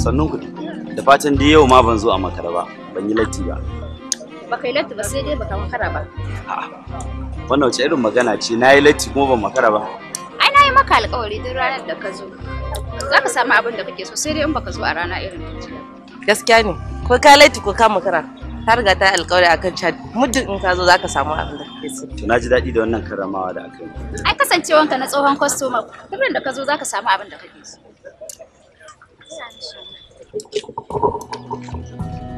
sannan ku da fatan dai yau ma ban zo a makara ba ban yi latti ba baka yi latti ba sai dai baka makara ba a'a wannan wace irin magana ce na yi latti kuma ban makara ba ai na yi maka alƙawari duk ranar da ka zo za ka samu abin da kake so sai dai in baka zo a rana irin gaskiya ne ko ka latti ko ka makara ta riga ta alƙawari akan chat muddin in ka zo za ka samu abin da kake so to na ji daɗi da wannan karamawa da aka yi ai kasancewanka na tsohon customer duk da ka zo za ka samu abin da kake so よろしくお願いします。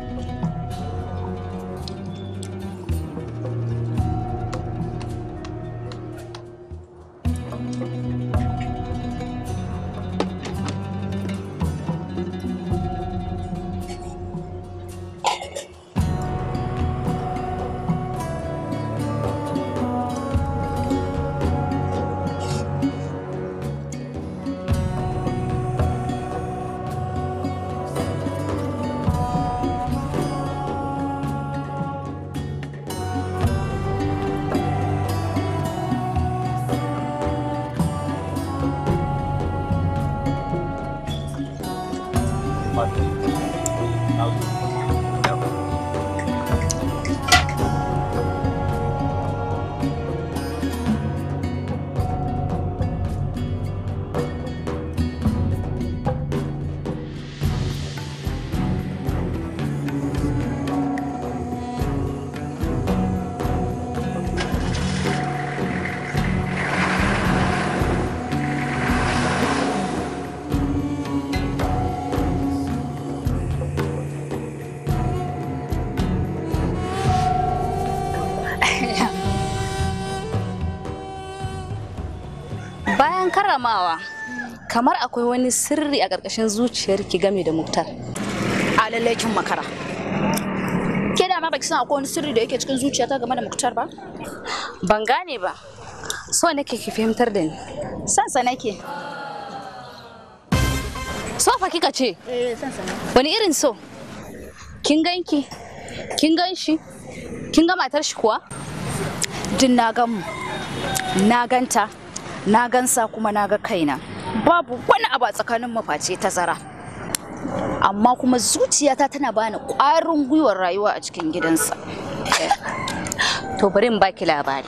Karamawa kamar akwai wani sirri a ƙarƙashin zuciyarki game da muktar a lallai kin makara ke da ba baki san akwai wani sirri da yake cikin zuciyata game da muktar ba ban gane ba so nake ki fahimtar da ni sansa nake so fa kika ce eh sansa wani irin so kin ganki kin gan shi kin ga matar shi kuwa din na gan mu na ganta na gansa kuma na ga kaina babu wani abu a tsakanin maface tazara amma kuma zuciyata tana bani ƙwarin gwiwar rayuwa a cikin gidansa to bari in baki labari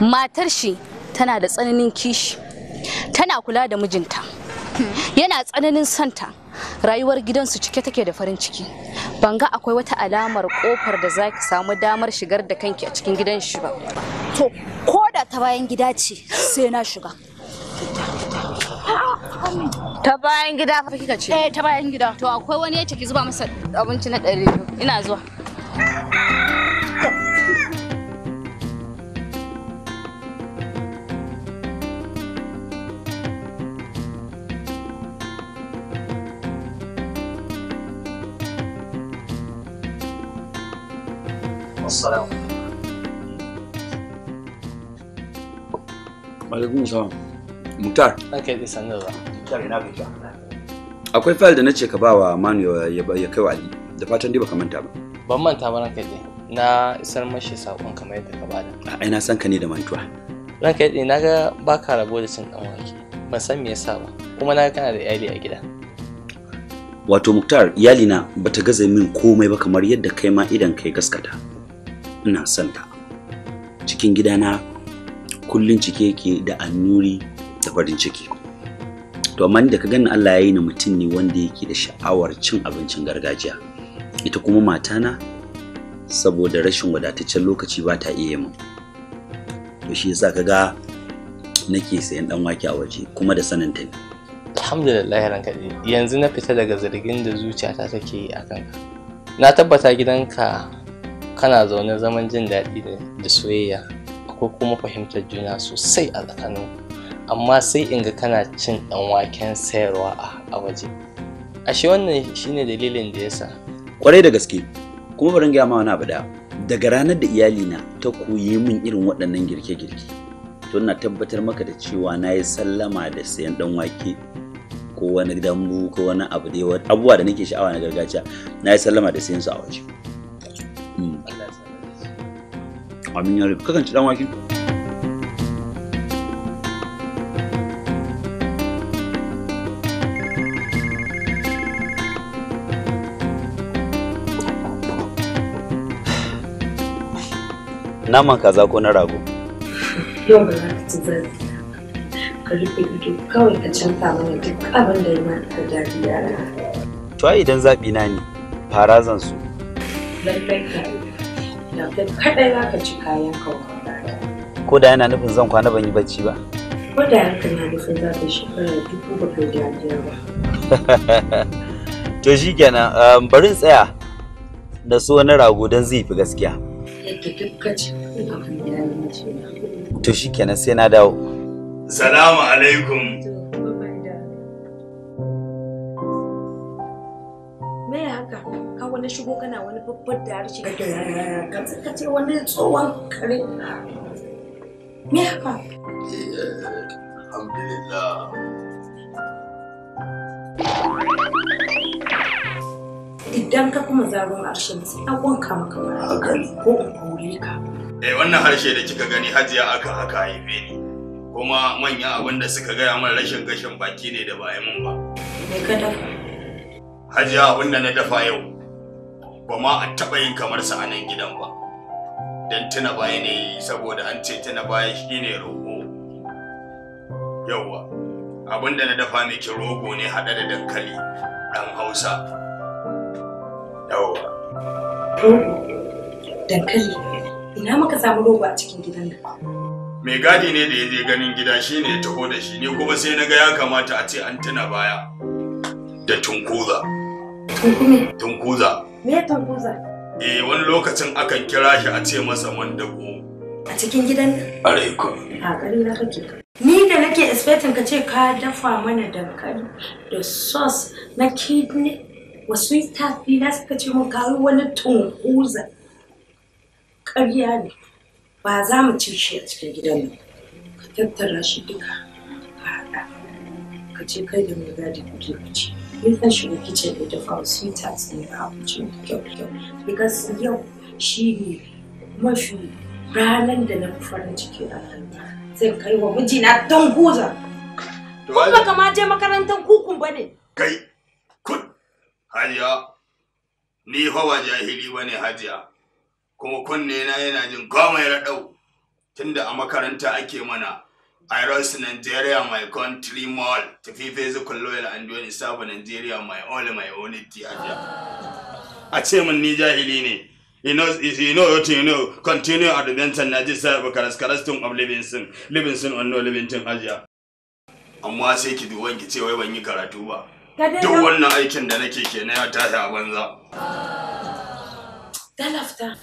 matar shi tana da tsananin kishi tana kula da mijinta yana tsananin santa rayuwar gidansu cike take da farin ciki ban ga akwai wata alamar kofar da zaki samu damar shigar da kanki a cikin gidan shi ba to ko da ta bayan gida ce sai na shiga ta bayan gida fa kika ce eh ta bayan gida to akwai wani ya ki zuba masa abinci na ɗari ina zuwa السلام Alaikun salam. Muktar. Ake da sanar da. Muktar ina ka Akwai fayil da nace ka bawa Manuel ya kai wa Ali. Da fatan dai baka manta ba. Ban manta ba ranka dai. Na isar mashi sakon kamar yadda ka bada. Ai na san ka ne da mantuwa. Ranka dai na ga baka rabo da cin dan wake. Ban san me yasa ba. Kuma na ga kana da iyali a gida. Wato Muktar iyalina bata gaza min komai ba kamar yadda kai ma idan kai gaskata. ina son ta cikin gidana kullun cike yake da annuri da farin ciki to amma da ka gani Allah ya yi ni mutum ne wanda yake da sha'awar cin abincin gargajiya ita kuma mata na? saboda rashin wadataccen lokaci ba ta iya min to shi yasa ka ga nake sayan dan wake a waje kuma da sanin ta ne alhamdulillah ranka yanzu na fita daga zargin da zuciyata take yi kanka. na tabbata gidanka kana zaune zaman jin daɗi da soyayya akwai kuma fahimtar juna sosai a tsakanin amma sai in ga kana cin ɗan waken sayarwa a waje ashe wannan shine dalilin da yasa kwarai da gaske kuma bari gaya ma wani abu da daga ranar da iyalina ta koyi min irin waɗannan girke-girke to na tabbatar maka da cewa na yi sallama da sayan ɗan wake ko wani dambu ko wani abu da abubuwa da nake sha'awa na gargajiya na yi sallama da sayan su a waje Allah hmm. ya amin ya rabu kakan ci dan wake naman kaza ko na rago yau ba za ka ci zai ka rufe ido kawai ka canfa mana duk abin da ya mata da dariya to idan zaɓi na ne fara zan su. kaɗai za ka ci kayan Ko da yana nufin zan kwana ban yi bacci ba. Ko da yanka na nufin za ka shekara dubu ba kai dariya ba. To shi kenan um, bari tsaya da so na rago don zai fi gaskiya. To shi kenan sai na dawo. Salamu alaikum. na shigo kana wani babbar da harshe kake ka ka ce wani tsohon kare me haka eh, alhamdulillah idan ka kuma zaron harshen sai a wanka maka haka ko in kore ka eh wannan harshe da kika gani hajiya aka haka haife ni kuma manya abinda suka gaya min rashin gashin baki ne da ba yi mun ba me ka dafa hajiya da na dafa yau ba ma a taɓa yin kamar sa a nan gidan ba don tuna baya ne saboda an ce tuna baya shine rogo yauwa abinda na dafa miki rogo ne haɗa da dankali ɗan hausa yauwa dankali ina muka samu rogo a cikin gidan da mai gadi ne da ya je ganin gida shi ne ya taho da shi ne kuma sai na ga ya kamata a ce an tuna baya da tunkuza tunkuza Me ya tankuza? Eh wani lokacin akan kira shi a ce masa mandago. A cikin gidan nan? Arai ko. A gari na kake. Ni da nake expecting ka ce ka dafa mana dankali da sauce na kidney wasu tafi na suka ce mun kawo wani tunkuza. Ƙarya ne. Ba za mu ci shi a cikin gidan nan. Ka tattara shi duka. Ka haɗa. Ka ce kai da mu gadi kuke ku kuce. in ka shiga kicin da different sweethearts and ka kitchen kyau kyau because yau shi ne mafi ranar da na fi farin ciki a kai wa mijina don goza kun ba kama makarantar kukun ba ne kai kun hajiya ni hawa jahili ba ne hajiya kuma kunne na yana jin komai raɗau tunda a makaranta ake mana I rose Nigeria, my country mall. To fife su kullo da an stuff in Nigeria, my only my only theater. A ce mun ni jahili ne. You know, you know, you know, continue adventure na ji sabu karas karas tun of Livingston, Livingston on no Livingston aja. one sai ki when you got a ban yi karatu ba. Duk wannan aikin da nake ke na ya tashi a banza. Dalafta.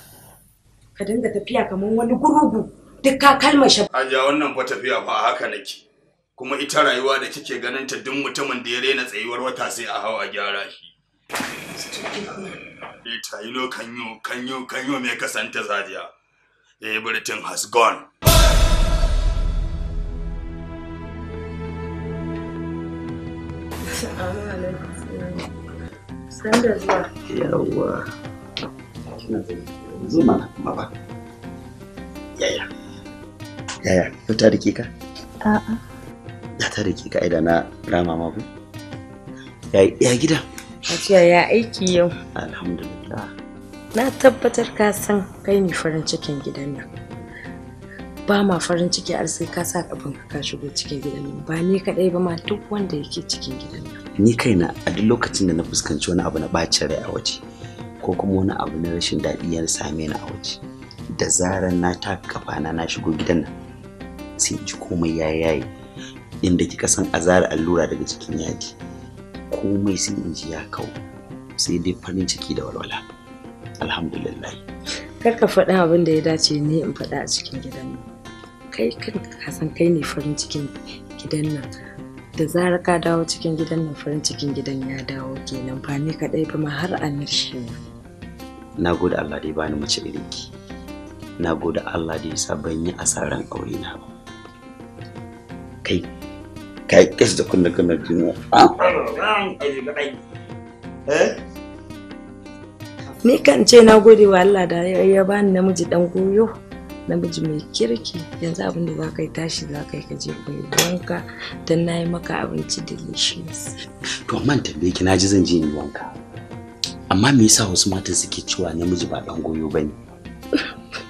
Ka dinga tafiya kamar wani gurugu. duk ka kalmashe hajiya wannan fa tafiya fa haka nake kuma ita rayuwa da kike ganin ta duk mutumin da ya rena tsayuwar wata sai a hau a gyara shi ita eh, yi no kanyo kanyo kanyo me kasanta zajiya eh, everything has gone Sanda zuwa. Yawwa. Zuma na Yaya. yaya kyauta da rike ka a'a Ya da rike ka idan na rama ma ya gida Hajiya ya aiki yau. Alhamdulillah. Na tabbatar ka san kai ne farin cikin gidan nan. Ba ma farin ciki har sai ka sa abin ka shigo cikin gidan nan. Ba ni kadai ba ma duk wanda yake cikin gidan nan. Ni kaina a duk lokacin da na fuskanci wani abu na bacin rai a waje ko kuma wani abu na rashin daɗi ya same ni a waje. Da zarar na taka kafana na shigo gidan nan sai ji komai ya yayi inda kika san a zara allura daga cikin yadi komai sai in ji ya kau sai dai farin ciki da walwala alhamdulillah kar ka faɗa abin da ya dace ne in faɗa a cikin gidan nan kai kan ka san kai ne farin cikin gidan nan da zarar ka dawo cikin gidan nan farin cikin gidan ya dawo kenan ba ni kaɗai ba ma har an shi na gode Allah dai bani mace irin ki na gode Allah da ya sa ban yi asaran aure na ba kai ka yi da kunna kana jini a ah. eh? ni kan ce na gode wa Allah da ya bani namiji dan goyo namiji mai kirki yanzu abin da za tashi zakai ka yi je ka yi wanka dan na yi maka abinci delicious to amma tambaye ki na ji zan je ni wanka amma me yasa wasu matan suke cewa namiji ba dan goyo bane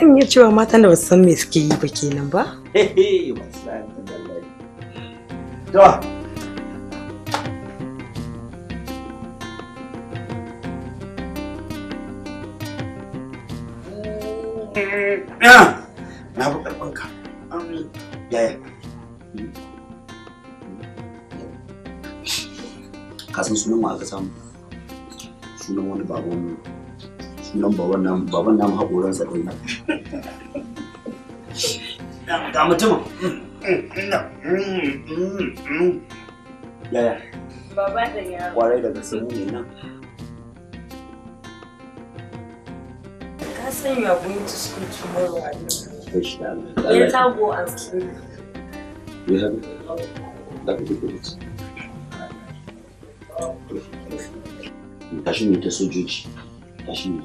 san iya cewa matan da ba san me suke yi ba kenan ba Da. Ya, na buɗe ɗanka ya. ka san sunan ma aka samu sunan wani babu wani. nan baban namu baban namu haƙoran sa ɗaya ga mutum yaya baba da ya kware daga sun ne nan ka san ya are going to school tomorrow Yes, I'll ya ta go a have ya That would be good. tashi ne ta sojoji tashi ne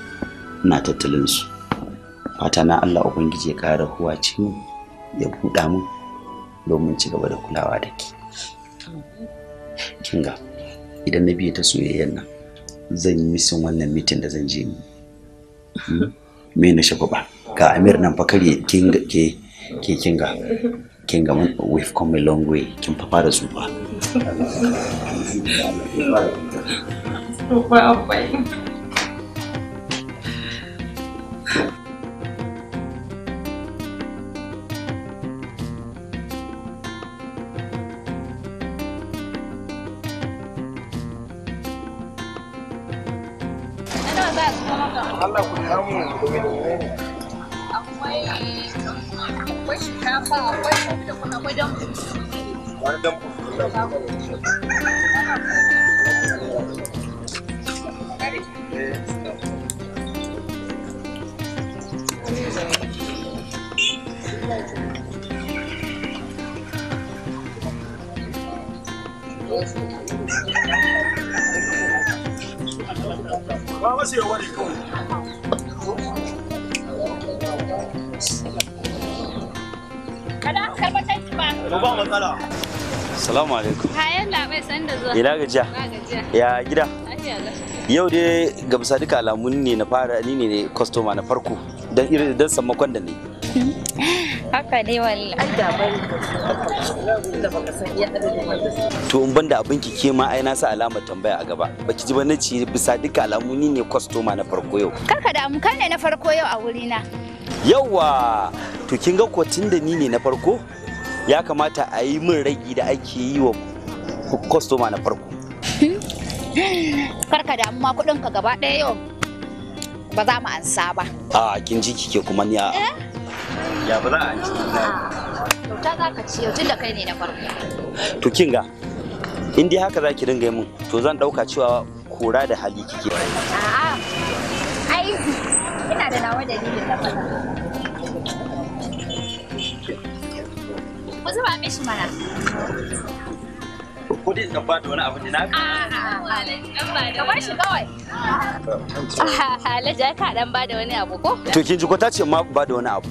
ina tattalin su fata na Allah ubangiji ya kara ci mu ya buɗa mu domin ci gaba da kulawa da ke kinga idan na biye ta soyayyar nan zan yi misin wannan mitin da zan je ni hmm? me na shafa ba ga amir nan fa kare kinga ke ke kinga kinga mun we've come a long way kin fa fara well, ba Ba wasu yawa ne kawai. Assalamu alaikum. Kayan labai san da zuwa. Ina gajiya. Ya gida. Yau dai ga bisa duka alamun ne na fara ni ne kwastoma na farko Dan irin dan sammakon da ne. Haka dai wallahi. Ai da bari. To in banda abin ki ke ma ai na sa alamar tambaya a gaba. Baki ji ba na ci bisa duka alamun ni ne kwastoma na farko yau. Karka da kan ne na farko yau a wurina. Yawwa to kin ga ko da ni ne na farko ya kamata a yi min ragi da ake yi wa kwastoma na farko karka da amma kudin ka gaba ɗaya yau ba za mu ansa ba a kin ji kike kuma ni a eh? ya ba za a ansa ah, ta za ka ci yau tun da kai ne na farko to kin ga in dai haka za ki dinga yi min to zan ɗauka cewa kora da hali kike a'a ai ina da nawa dalilin da fata zuba mishi mana ko ba da wani abu ka ba shi kawai Alhaji ba da wani abu ko to kin ji ko ta ce ma ba da wani abu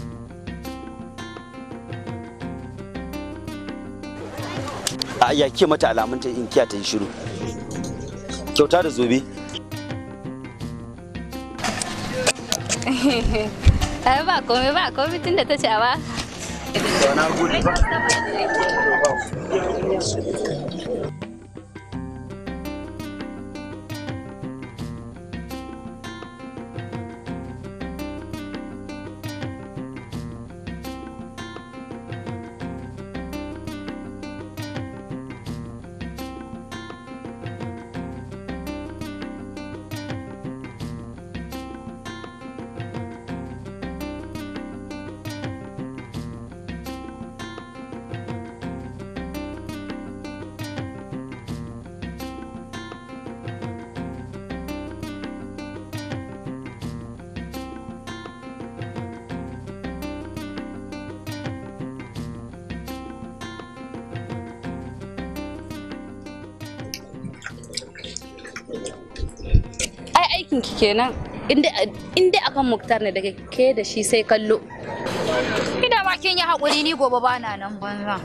a ya ke mata alamun ta in kiya ta yi shiru kyauta da zobe ba komai ba komai tun da ta ce a ba Boa noite. kenan in dai akan muktar ne daga ke da shi sai kallo ina ma kin yi hakuri, ni gobe ba na nan banza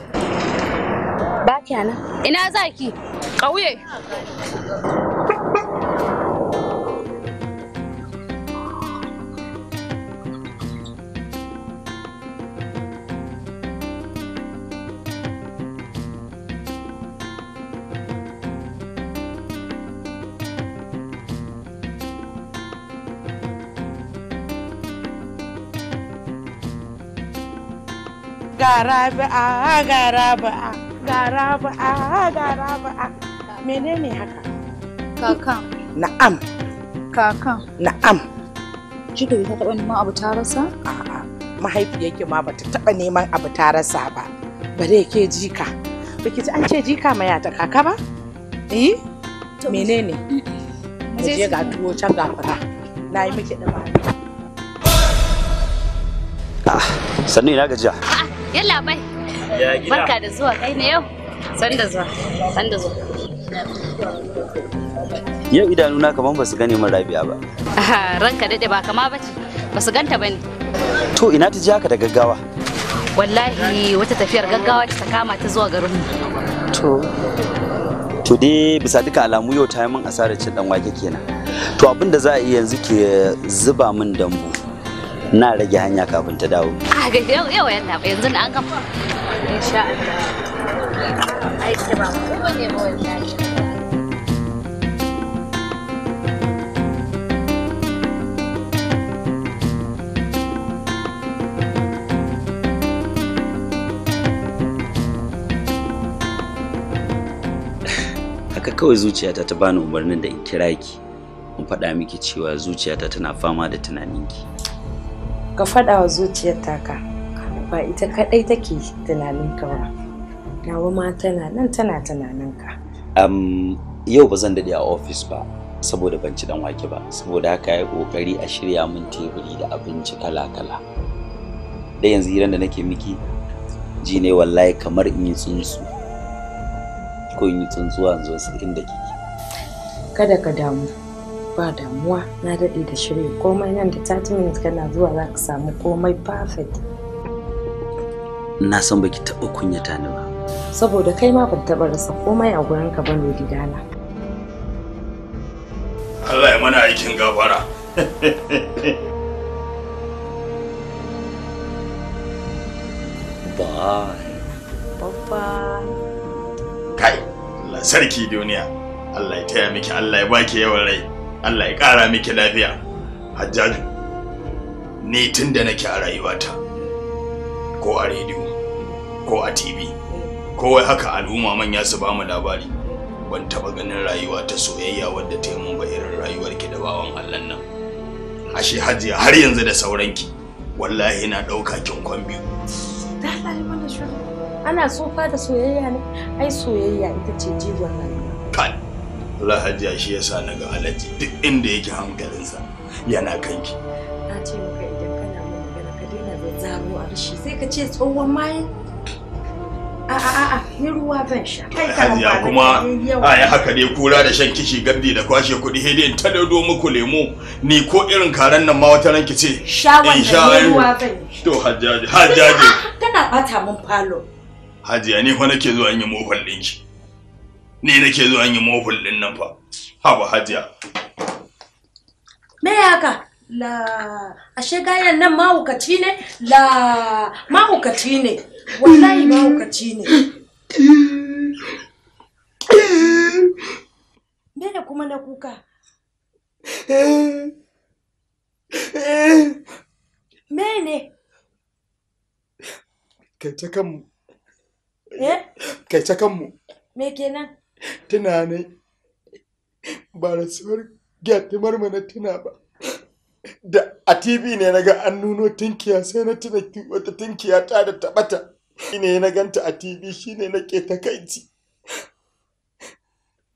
ba kya ina zaki ƙauye a garaba a ah, garaba a ah, garaba ah, a menene haka kakan na'am kakan na'am jidda ta taɓa neman abu ta rasa a'a mahaifiyarki ma bata taɓa neman abu ta rasa ba bare ke jika baki ji an ce jika maya ta kaka ba eh menene je ga tuwo can ga fara na yi miki da ba sannu ina gajiya Yalla bai. Barka da zuwa kai ne yau. San da zuwa. San da zuwa. Yau idanuna kaman ba su gane min Rabi'a ba. Ranka daɗe ba kama ba ce. Ba su ganta ba ne. To ina ta ji haka da gaggawa. Wallahi wata tafiyar gaggawa ta kama ta zuwa garin mu. To. To dai bisa duka alamu yau ta yi mun asarar cin dan wake kenan. To abin da za a yi yanzu ke zuba min dambu. na rage hanya kafin ta dawo a ga yau yan tafi yanzu da an gama insha Allah ai ba ko ne mu haka kawai zuciyata ta bani umarnin da in kira ki in faɗa miki cewa zuciyata tana fama da tunaninki ka faɗa wa zuciyar taka ba ita kaɗai take tunanin ka ba nawa ma tana nan tana tunanin um, yau ba zan daɗe a ofis ba saboda ban ci dan wake ba saboda haka ya kokari a shirya min teburi da abinci kala-kala da yanzu hiran da nake miki ji ne wallahi kamar in yi tsuntsu ko in yi tsuntsuwa in inda kike kada ka damu ba damuwa na daɗe da shirya komai nan da 30 minutes kana zuwa za ka samu komai perfect na san baki taɓa kunyata ni ba saboda kai ma ban taɓa rasa komai a gurin ka bane gidana Allah ya mana aikin gabara bye bye kai la sarki duniya Allah ya taya miki Allah ya baki yawan rai Allah ya ƙara miki lafiya hajjaju ni tun da nake a rayuwata ko a rediyo ko a tv ko wai haka al'umma manya su ba mu labari ban taɓa ganin rayuwa ta soyayya wadda ta yi mun ba irin rayuwar ki da bawan Allah nan ashe hajiya har yanzu da sauranki wallahi na ɗauka kin kwan biyu ana tsufa da soyayya ne ai soyayya ita ce jigon rayuwa rahajiya shi yasa na ga alaji duk inda yake hankalinsa yana kanki na ce maka idan kana mun magana ka daina zazzaro a rashi sai ka ce tsohon maye a'a ni ruwa ban sha kai ka kuma a yi haka dai kura da shan kishi gardi da kwashe kuɗi hede in ta dodo muku lemo ni ko irin karen nan ma wata ranki ce sha wannan ruwa ban to hajjaji hajjaji kana bata mun falo hajiya ni fa nake zuwa in yi mofan ɗinki ne nake zuwa yi mohul din nan fa haba hajiya me haka la ashe gayan nan mahaukaci ne la mahaukaci ne wallahi mahaukaci ne me ne kuma na kuka me ne kai ta kanmu eh kai ta kanmu me kenan tunanin ba rasuwar gyatumar mu na tuna ba da a tv ne na ga an nuno tunkiya sai na tuna wata tunkiya ta da tabata ne na ganta a tv shi ne na ke takaici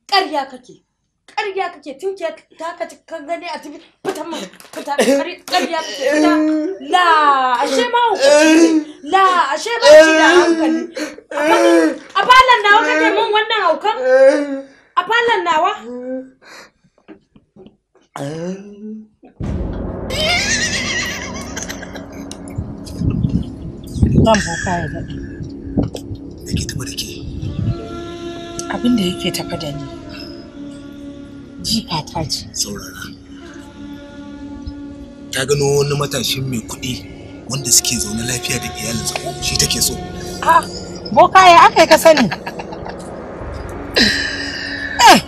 ƙarya kake ƙarya kake tun ke ta ka ci kan gane a tibi fita mun fita ƙarya kake fita la ashe ma hukunci la ashe ba ci da hankali a falon nawa kake mun wannan haukan a falon nawa Zan boka ya daɗe. Likita mu da ke. Abin da yake tafa da ni. jikata ce saurara ta gano wani matashin mai kuɗi wanda suke zaune lafiya da iyalinsa ko shi take so a boka ya aka yi ka sani eh.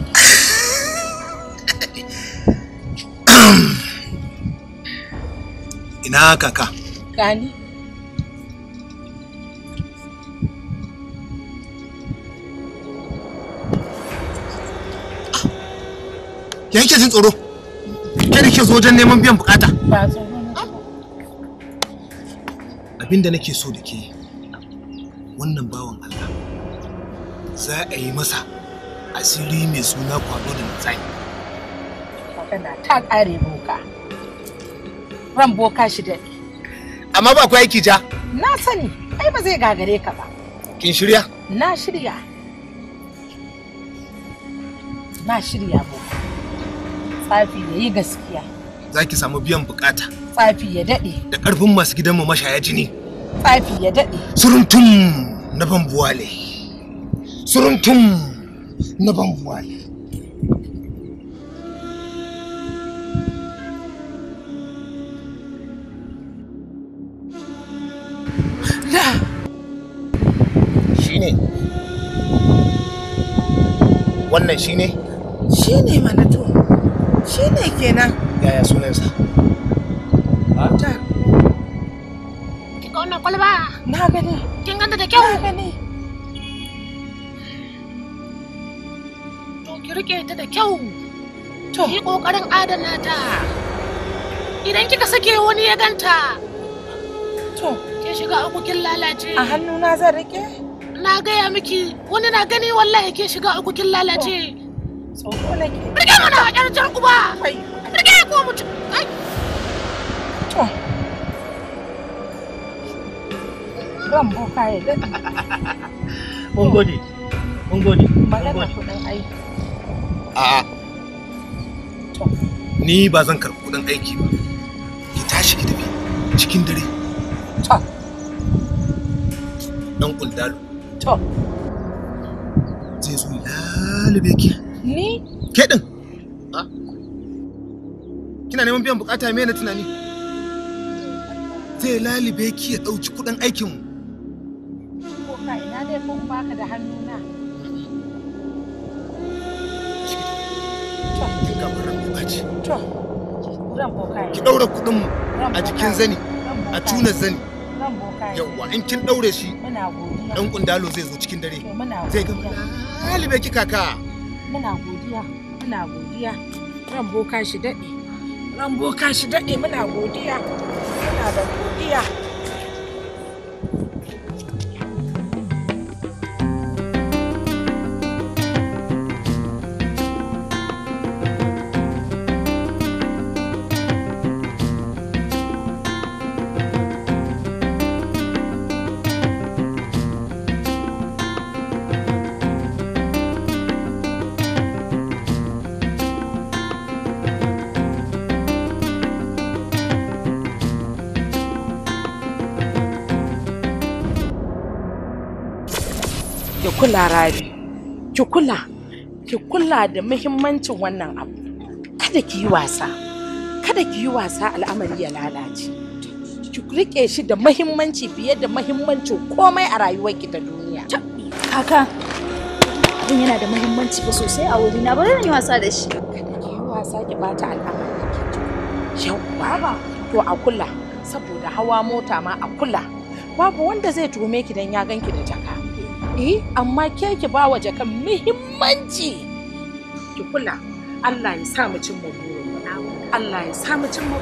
ina kaka gani yanke jin tsoro kada ke zo wajen neman biyan bukata abinda nake so da ke wannan bawan Allah za a yi masa asiri mai suna kwado da tsayi magana ta kare boka ran boka shi da amma ba ku aiki ja na sani ai ba zai gagare ka ba kin shirya na shirya na shirya boka tsafi ya yi gaskiya za ki samu biyan bukata tsafi ya daɗe da ƙarfin masu gidanmu mashaya jini tsafi ya daɗe Suruntun na ne. Suruntun na bambuwale shine wannan shine shine mana to shi ne kenan yaya sunansa ta ki wannan kwalba na gani kin ganta da kyau na gani to ki rike ta da kyau to yi kokarin adana ta idan kika sake wani ya ganta to ke shiga akukin lalace a hannuna zan rike na gaya miki wani na gani wallahi ke shiga akukin lalace Tsoro nake. Rike mana ƴar jar uba. Rike ko mutum. To. Ran boka ya dai. Mun gode. Mun gode. Magana kuɗin aiki. A'a. To. Ni ba zan karɓi kuɗin aiki ba. Ki tashi ki tafi cikin dare. To. Dan kuldalo. To. Zai zo lalube ki. Ni? Ke din. Kina neman biyan bukata me na tunani? Zai lalibe ki ya ɗauki kuɗin aikinmu. Ko ka ina dai kun baka da hannuna. Kin ran Ki ɗaura mu a jikin zani, a tunar zani. Yawwa in kin ɗaure shi. Ɗan kundalo zai zo cikin dare. Zai ga lalibe ki kaka. muna godiya muna godiya ran boka shi daɗe ran boka shi daɗe muna godiya muna da godiya kula rabi ki kula ki kula da muhimmancin wannan abu kada ki yi wasa kada ki yi wasa al'amari ya lalace ki rike shi da muhimmanci fiye da muhimmancin komai a rayuwarki ta duniya kaka abin yana da muhimmanci ba sosai a wuri na ba zan yi wasa da shi kada ki yi wasa ki bata al'amari yau baba to a kula saboda hawa mota ma a kula babu wanda zai tume ki dan ya ganki da ta eh amma ke ki ba wa jakan muhimmanci ki kula Allah ya sa mu cin mu Allah ya sa mu cin mu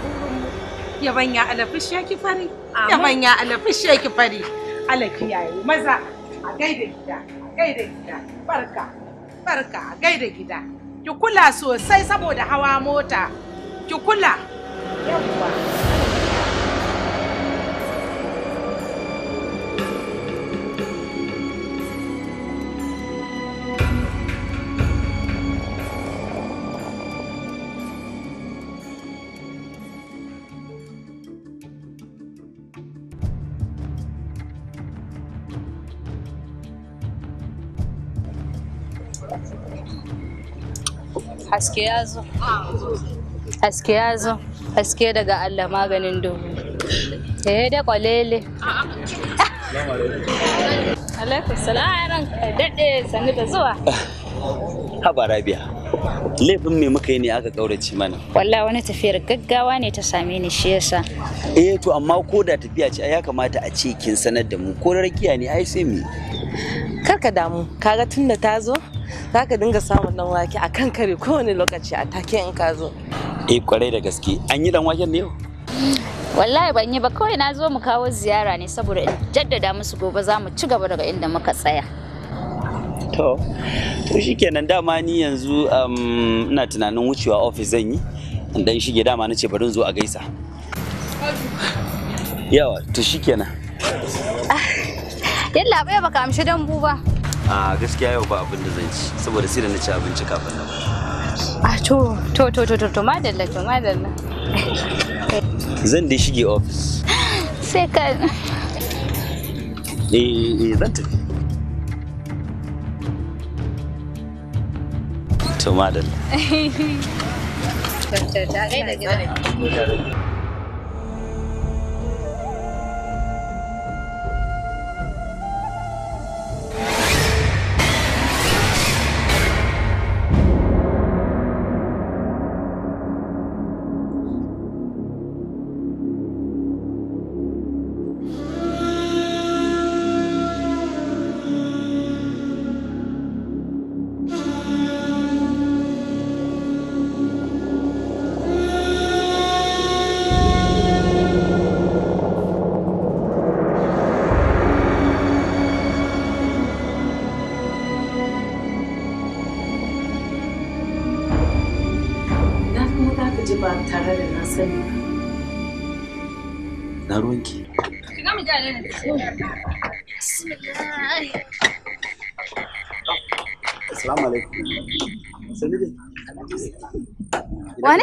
yaban ya alafish ya ki fari yaban ya alafish ya ki fari alaki yayi maza a gaida gida a gaida gida barka barka a gaida gida ki kula sosai saboda hawa mota ki kula Yawa. aske ya zo aske ya zo aske daga allah maganin dubu eh da kwalele alaikum salam dade sani da zuwa haba rabia laifin me muka yi ne aka kaurace mana walla wani tafiyar gaggawa ne ta same ni shi yasa eh to amma ko da tafiya ce ya kamata a ce kin sanar da mu ko rakiya ne ai sai mu karka damu kaga tunda ta zo za ka dinga samun dan wake a kan kare kowane lokaci a take in ka zo eh kwarai da gaske an yi dan waken ne yau wallahi ban yi ba kawai na zo mu kawo ziyara ne saboda in jaddada musu gobe za mu ci gaba daga inda muka tsaya to to shikenan dama ni yanzu um, ina tunanin wucewa ofis zan yi dan shige dama na ce bari zo a gaisa yawa to shikenan yalla bai baka amshi dambu ba a gaskiya yau ba abin da zan ci saboda sai da na ci abinci kafin nan a ah, to to to to to madalla to madalla zan dai shige office sai ka eh eh zan tafi to madalla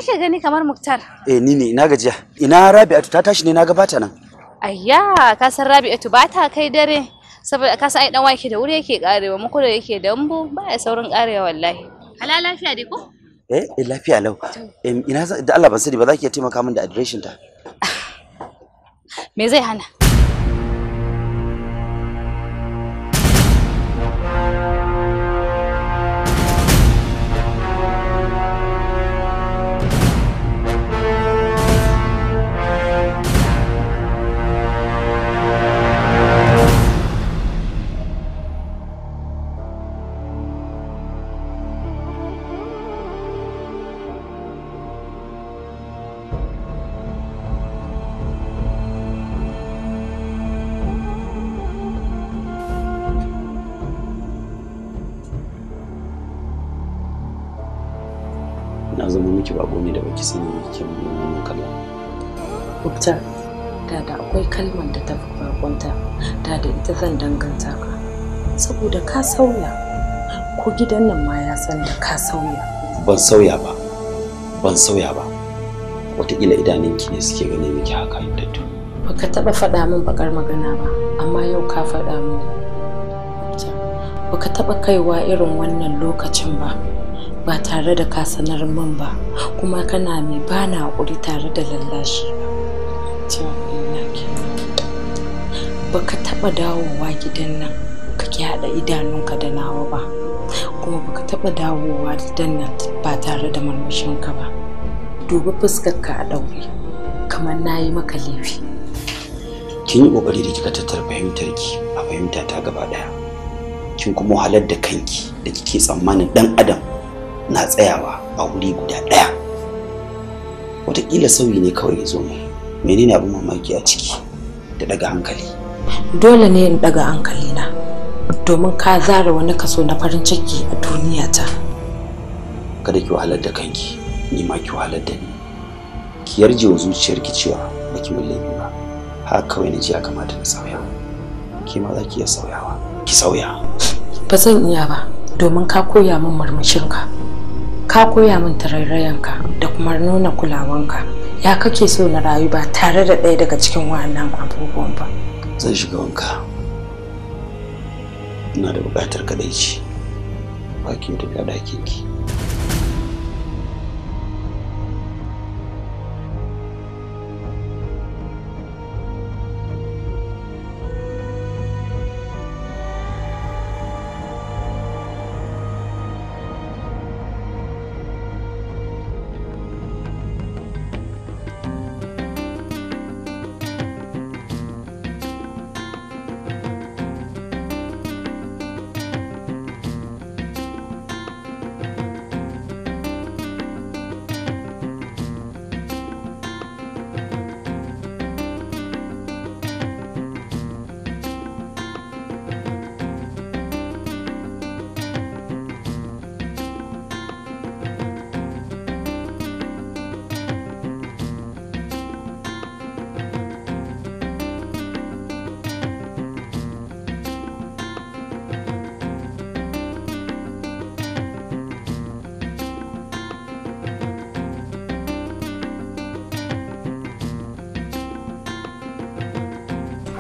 kake gani kamar Muktar? Eh ni ne ina gajiya. Ina Rabi'atu ta tashi ne na gabata nan. Ayya ka san Rabi'atu ba ta kai dare saboda ka san ai dan wake da wuri yake karewa muku da yake dambu ba ya saurin karewa wallahi. Ala lafiya dai ko? Eh, eh lafiya lau. Eh, ina da Allah ban sani ba za ki iya taimaka min da addressin ta. Me zai hana? bako ne da baki sani yake mun kalma Muktar da da akwai kalmar da ta fi bakonta da da ita zan danganta ka saboda ka sauya ko gidan nan ma ya san da ka sauya ban sauya ba ban sauya ba wataƙila idanunki ne suke gane miki haka yadda baka taɓa faɗa min bakar magana ba amma yau ka faɗa min baka taɓa kaiwa irin wannan lokacin ba ba tare da ka sanar min ba kuma kana mai bana hakuri tare da lallashi ba ka taɓa dawowa gidan nan ka haɗa idanunka da nawa ba kuma ka taɓa dawowa gidan nan ba tare da murmushinka ba dubi fuskarka a ɗaure kamar na yi maka laifi kin yi ƙoƙari da kika tattara ki a fahimta ta gaba ɗaya kin kuma halar da kanki da kike tsammanin ɗan adam na tsayawa a wuri guda ɗaya watakila sauyi ne kawai ya zo mu menene abin mamaki a ciki da daga hankali dole ne in daga hankali na domin ka zara wani kaso na farin ciki a duniya ta kada ki wahalar da kanki ni ma ki wahalar da ni ki yarje wa ki cewa baki mun laifi ba haka kawai na ji ya kamata na sauya ki ma za ki iya sauyawa ki sauya ba zan iya ba domin ka koya min murmushinka ka koya min ka da kuma nuna kulawanka ya kake so na rayu ba tare da ɗaya daga cikin wannan abubuwan ba zan shiga wanka ina da buƙatar kaɗaici ba ki da ɗakin ki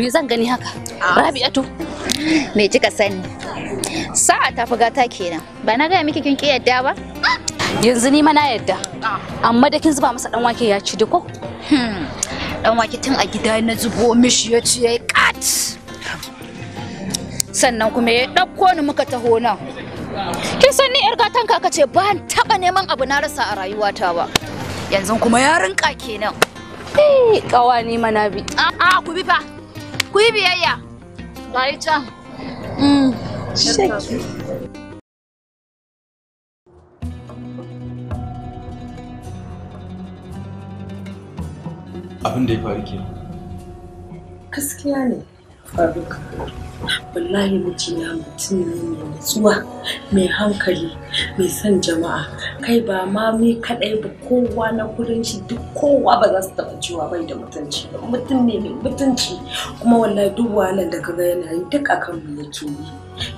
me zan gani haka rabi'atu me kika sani sa'a ta fi gata kenan ba na gaya miki kin ki yadda ba yanzu ni ma na yadda amma da kin zuba masa dan wake ya ci duko dan hmm. wake tun a gida na zubo mishi ya ci yayi kat sannan kuma ya dauko ni muka taho nan kin san ni yar gatan kaka ce ba taba neman abu na rasa a rayuwata ba yanzu kuma ya rinka kenan Kawani eh, manabi. A'a ku bi fa. ku yi biyayya ga ita hmm. abin da ya faru ke gaskiya ne faruk wallahi mijina mutum ne mai nutsuwa mai hankali mai son jama'a kai ba ma mi kadai ba kowa na kudin shi duk kowa ba za su taba cewa bai da mutunci mutum ne mai mutunci kuma wallahi duk wahalar da kaga yana yi duk akan mu yake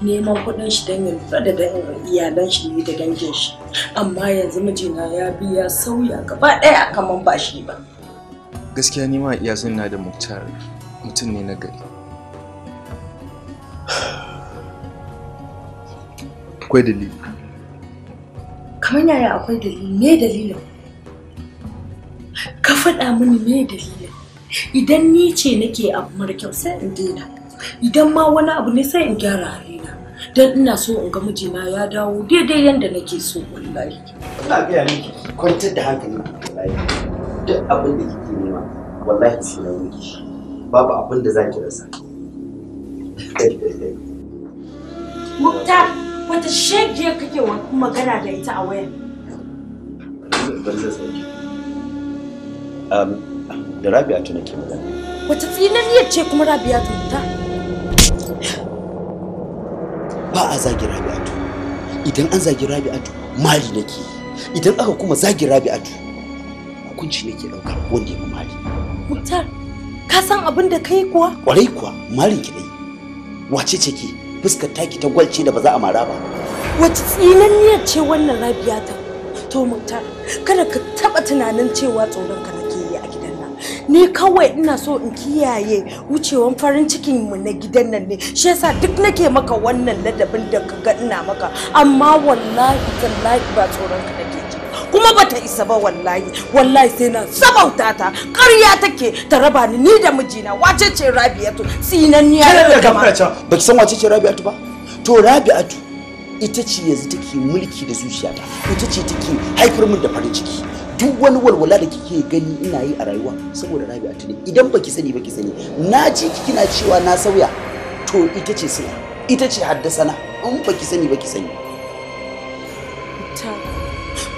yi neman kudin shi don ya lura da iyalan shi ne da dangin shi amma yanzu mijina ya biya sauya gaba daya kamar ba shi ba gaskiya nima ma na da muktar mutum ne na gari akwai dalili kamar yaya akwai dalili me dalilin ka faɗa mini me dalilin idan ni ce nake abu mara kyau sai in daina idan ma wani abu ne sai in gyara halina don ina so in ga mijina ya dawo daidai yadda nake so wallahi ina gaya miki kwantar da hankali duk abin da kike nema wallahi sai na miki babu abin da zaki rasa Muktar wata shege kake magana da ita a waya. Um, da Rabia tuna ke magana. Wata tsinaniyar ce kuma Rabia ta? Ba a zagi Rabi'atu. Idan an zagi Rabi'atu mali nake yi. Idan aka kuma zagi Rabi'atu hukunci nake ɗauka wanda ya mali. Muktar, ka san abin da kai kuwa? Kwarai kuwa, malin ki dai. Wace ce ke? fuskar taki ta gwalce da ba za a mara ba wace tsinanniyar ce wannan rabiya ta to kada ka taba tunanin cewa tsoron ka nake yi a gidan nan ni kawai ina so in kiyaye wucewan farin cikin mu na gidan nan ne shi yasa duk nake maka wannan ladabin da ka ga ina maka amma wallahi tallahi ba tsoron ka kuma bata isa ba wallahi wallahi sai na sabauta ta ƙarya take ta raba ni ni da mijina wace ce rabi'atu sinanniya da gama ba ki san wace ce rabi'atu ba to rabi'atu ita ce yanzu take mulki da zuciya ta ita ce take haifar min da farin ciki duk wani walwala da kike gani ina yi a rayuwa saboda rabi'atu ne idan baki sani baki sani na ji kina cewa na sauya to ita ce sila ita ce haddasa na in baki sani baki sani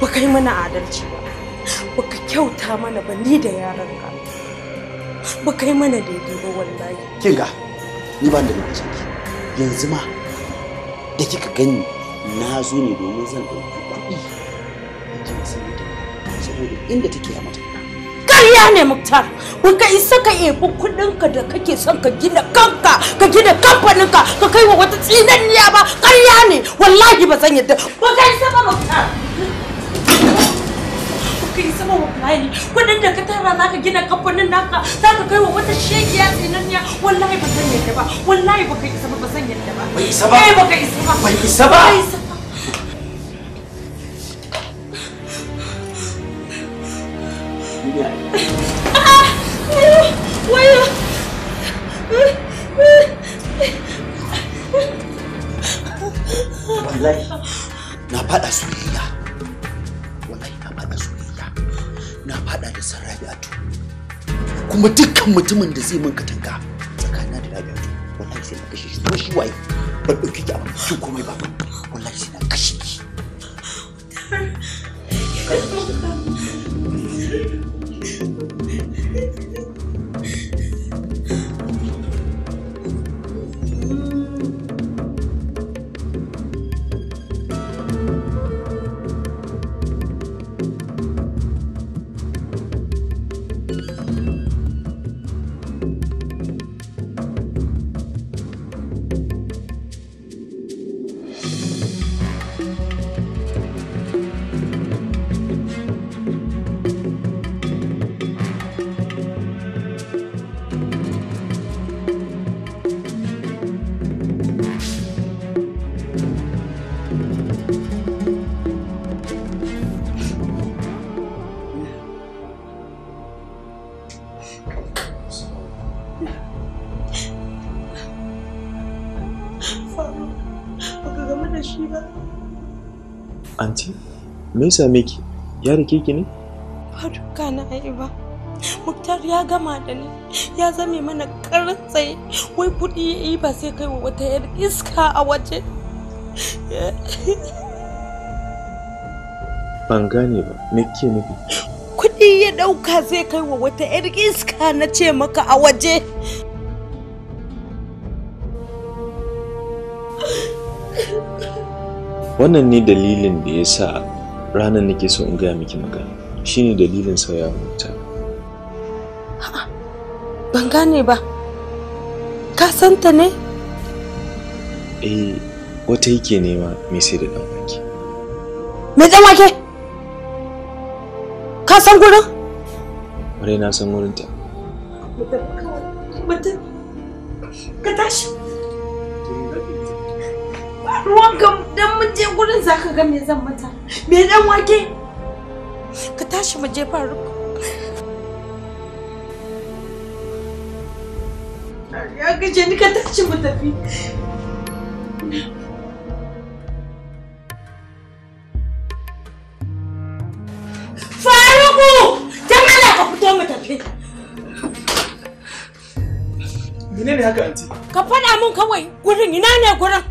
ba kai mana adalci ba ka kyauta mana ba ni da yaran ka ba kai mana daidai ba wallahi kinga ni ban da lokacin ki yanzu ma da kika gani na zo ne domin zan ɗauki kuɗi in ji masu saboda inda take a mata ƙarya ne muktar baka isa ka ebi kuɗinka da kake son ka gina kanka ka gina kamfaninka ka kai wa wata tsinanniya ba ƙarya ne wallahi ba zan yadda baka isa ba muktar ka yi sama wa fulani kuɗin da ka tara za ka gina kamfanin naka za ka kai wa wata shekiya tsinanniya wallahi ba zan yadda ba wallahi ba ka isa ba ba zan yadda ba bai isa ba eh, ba ka isa ba bai isa ba Yeah. mutumin da zai min katanga tsakanin da lafiya wallahi sai na kashe shi to shi waye ba dauki me yasa miki ya rike ki ne haduka na yi ba muktar ya gama da ni ya zame mana karin tsaye wai kuɗi ya yi ba sai kai wa wata yar iska a waje ban gane ba me ke nufi kuɗi ya ɗauka zai kai wa wata yar iska na ce maka a waje wannan ne dalilin da ya sa ranar nake so in gaya miki magana shine dalilin sauya mota ban gane ba ka santa ne eh wata yake nema me sai da dan wake me dan wake ka san gurin bare na san gurin ta mutum ka tashi ruwan dan mun je gurin zaka ga me zan mata me dan wake ka tashi mu je faru ya gaje ni ka tashi mu tafi ka haka anti? Ka faɗa min kawai gurin ina ne gurin?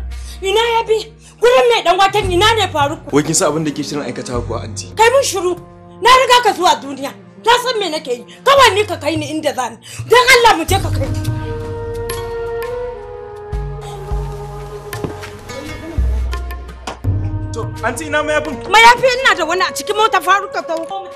Ina ya bi? Gurin mai dan waken ina ne faru ku? Wai kin san abin da ke shirin aikata ku anti? Kai mun shiru. Na riga ka zuwa duniya. Ta san me nake yi. Kawai ni ka kai ni inda zan. Dan Allah mu je ka kai. To, anti ina mayafin? Mayafi ina da wani a cikin mota faru ka tawo.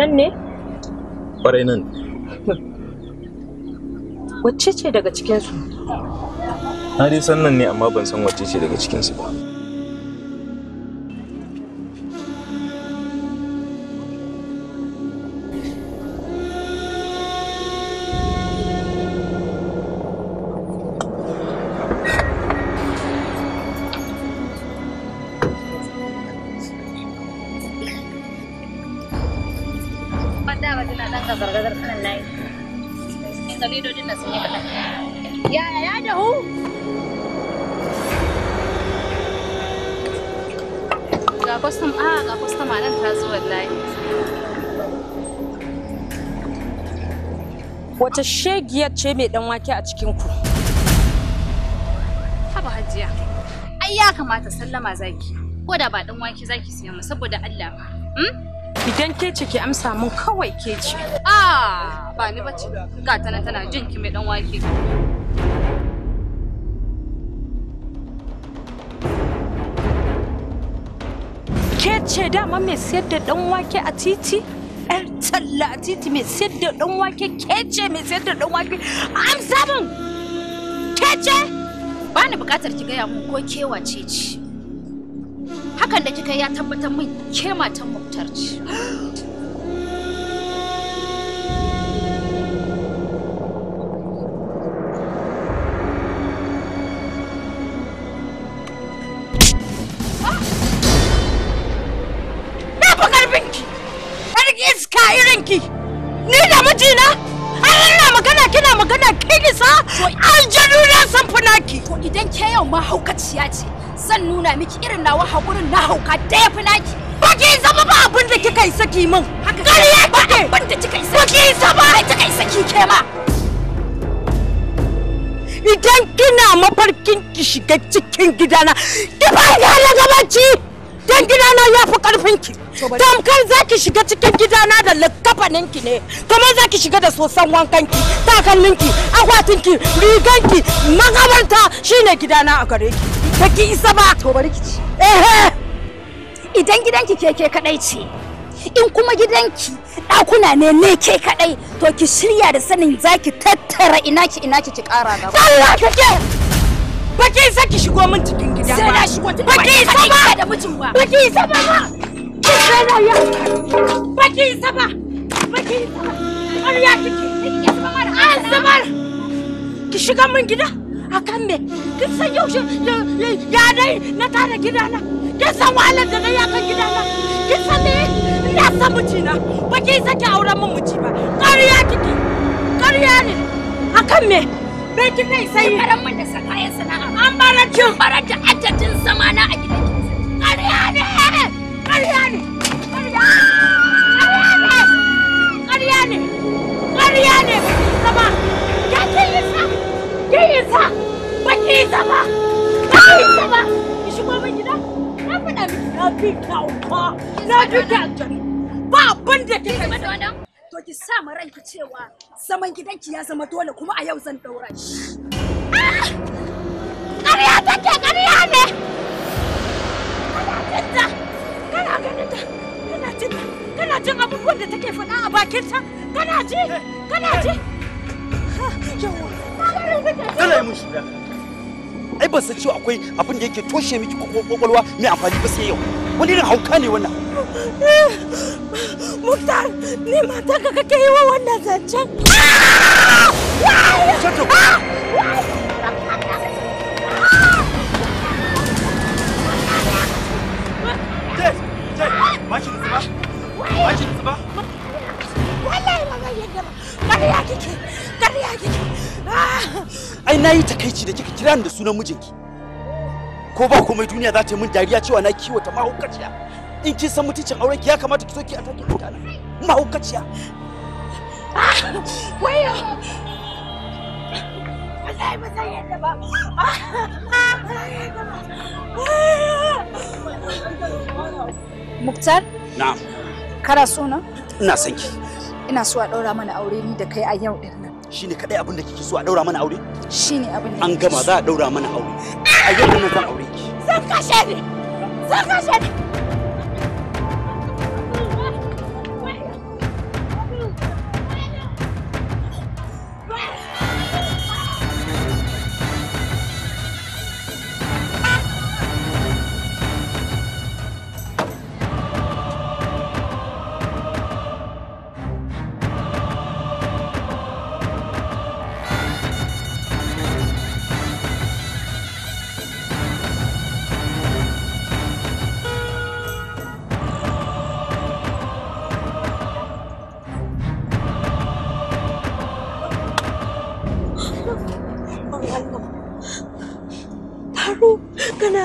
nan ne? Kwarai nan. Wacce ce daga cikinsu? Na dai san nan ne amma ban san wacce ce daga cikinsu ba. yaya ya dahu wata shegiyar ce mai dan wake a cikin ku haba hajiya ai ya kamata sallama zaki ko da ba dan wake zaki siya mu saboda Allah ba hmm? idan ke ce ki amsa mun kawai ke ce Ina ba ni bace ga ta tana jin ki mai dan wake. Ke ce dama mai sayar da dan wake a titi? Yar talla a titi mai sayar da dan wake ke ce mai sayar da dan wake? Am samun! Ke ce? Ba ni bukatar ki gaya mun ko kewa ce ce. Hakan da kika ya tabbatar min ke matan muktar ce. idan ke yau ma haukaciya ce zan nuna miki irin nawa hakurin na hauka da ya fi naki baki zama ba abin da kika yi saki min ƙarya ba abin da kika yi saki zama ba kika yi saki ke ma idan kina mafarkin ki shiga cikin gidana ki ba ga gabaci dan gidana ya fi ƙarfinki tamkar za ki shiga cikin gidana da likafaninki ne kamar za ki shiga da sosan wankanki takalminki akwatinki riganki magabarta shine gidana a gare ki ba ki isa ba to bari ki ci idan gidanki keke kadai ce in kuma gidanki ɗakuna ne ne ke kadai to ki shirya da sanin zaki tattara ina ki ina ki ki kara gaba Allah ka Baki saki shigo min cikin gida. Sai na shigo cikin baki isa ba. da mijin ba. Baki saba ba na Baki isa ba. Baki isa ba. Ƙarya kike. An zubar. Ki shiga min gida. Akan me? Kin san ya dai na tara gidana. Kin san wahalar da na yi akan gidana. Kin san me? Ina san mijina. Baki isa auren min miji ba. Ƙarya kike. Ƙarya ne. Akan me? Me kika isa yi? mun da sa. maracin maracin ajatin sama na a gidan ƙarya ne ƙarya ne ƙarya ne ƙarya ne zama ya ke isa ke isa ba ke isa ba ba ke isa ba ki shigo min gida na faɗa miki na fi kyauta na fi kyauta ba abin da ke kai wannan to ki sa ma ranki cewa zaman gidanki ya zama dole kuma a yau zan ɗaura shi. Ah! ƙarya take ƙarya ne kana ta kana jin kana jin abubuwan da take faɗa a ta kana ji kana ji Tana eh. yi mushi Ai ban san cewa akwai abin da yake toshe miki kwakwalwa mai amfani ba sai yau. Wani irin hauka ne wannan? Eh, Muktar, ni mata ka kake yi wa wannan zancen. Bashi da ah! Ai na yi takaici da kika kira ni da sunan mijinki. Ko ba komai duniya za ta yi min dariya cewa na kiwata mahaukaciya. In kin san mutuncin auren ki ya kamata ki so ki atake mutane. Mahaukaciya. Ah! Wayo. Wallahi ba zan yadda ba. Ah! Ba zan yadda ba. Muktar? Na'am. Kana so na? Ina son ki. Ina so a ɗaura mana aure ni da kai a yau ɗin nan. Shi ne abin da kike so a ɗaura mana aure? Shi ne abin da An gama za a ɗaura mana aure. A yau din nan zan aure ki. Zan kashe ni! Zan kashe ni!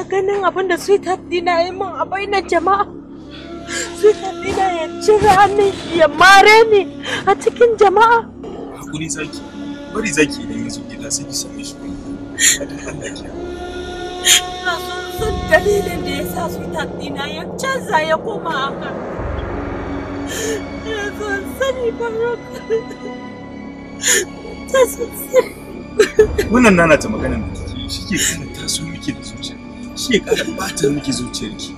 ganin abin da sweetheart dina ya min a bainar jama'a sweetheart dina ya cira ni ya mare ni a cikin jama'a hakuri zaki bari zaki idan yanzu gida sai ki same shi wani a duk Allah ki ina son san dalilin da ya sa sweetheart dina ya canza ya koma haka ya son sani ta sosai wannan nana ta maganar da kike shi ke kana taso miki da su shi ya ƙara ɓata miki zuciyarki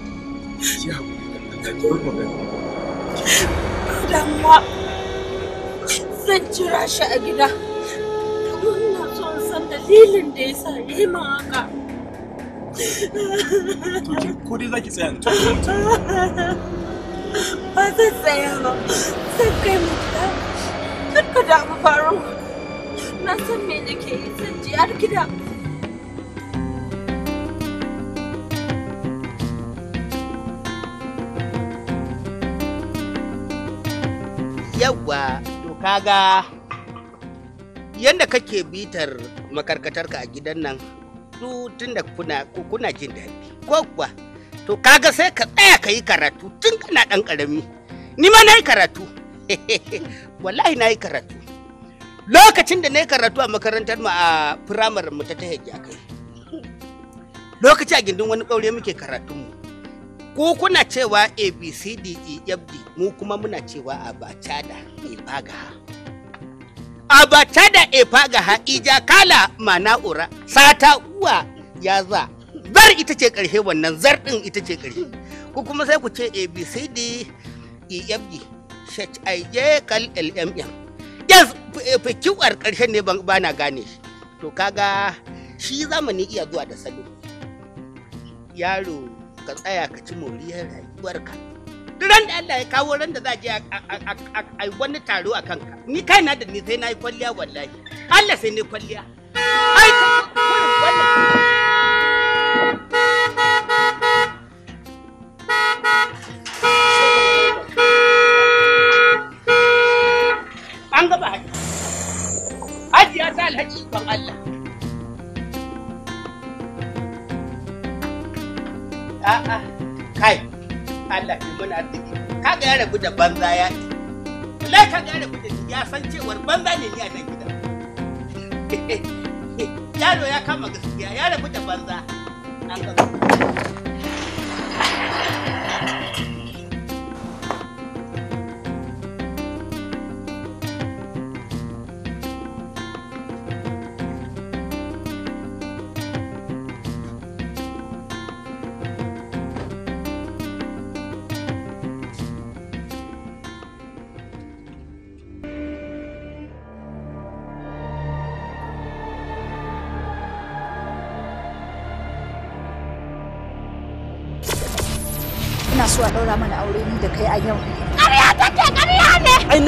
ki haƙuri ka ki bar magana damuwa zan jira shi a gida ina so in san dalilin da ya sa ya yi min haka ko dai za ki tsaya ta ba zan tsaya ba zan kai mu gida kar ka damu faru na san me nake yi zan je har gida yawwa to kaga yadda kake bitar makarkatarka a gidan nan du tun da kuna kuna jin daɗi ko kuwa to kaga sai ka tsaya ka yi karatu tun kana ɗan ƙarami ni ma na yi karatu wallahi na yi karatu lokacin da na yi karatu a makarantar mu a firamare mu ta ta a kai lokaci a gindin wani ƙaure muke karatu mu ku kuna cewa abcdefd e, mu kuma muna cewa abacha da ifagaha abacha da ha ija kala mana ura sata uwa ya za zar ita ce karshe wannan zar din ita ce karshe ku kuma sai ku ce abcd efg shij kal lmm yes fikiwar eh, karshe ne ba na gane shi to kaga shi zamani iya zuwa da salo yaro ka tsaya ka ci moriyar rayuwarka ran da Allah ya kawo ran da za je a wani taro a kanka ni kai na da ni sai na yi kwalliya wallahi Allah sai ne kwalliya ai an gaba haji haji ya sa alhaji ban Allah a'a kai Allah ya mun arziki ka ga ya rabu da banza ya ci lai ka ga ya rabu da shi ya san cewar banza ne ni a nan gida yaro ya kama gaskiya ya rabu da banza an gaba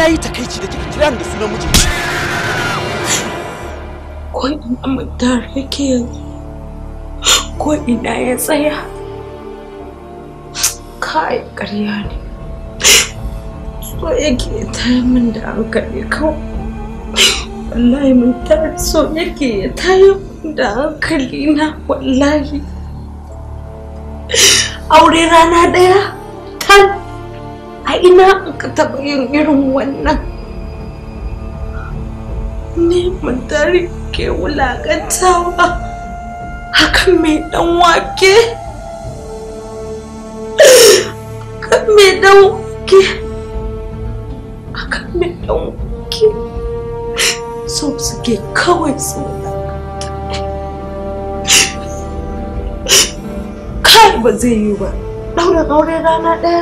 na yi takaici da kika kira ni da sunan miji. Ko ina mutar rake yanzu, ko ina ya tsaya. Kai ƙarya ne. So yake taya min da hankali kawai. Wallahi mun tara so yake ya taya min da hankali na wallahi. Aure rana ɗaya. ka taba yin irin wannan ni mun tare ke wulakantawa hakan mai dan wake hakan mai dan wake hakan mai dan wake so suke kawai su kai ba zai yi ba ɗaurin aure rana ɗaya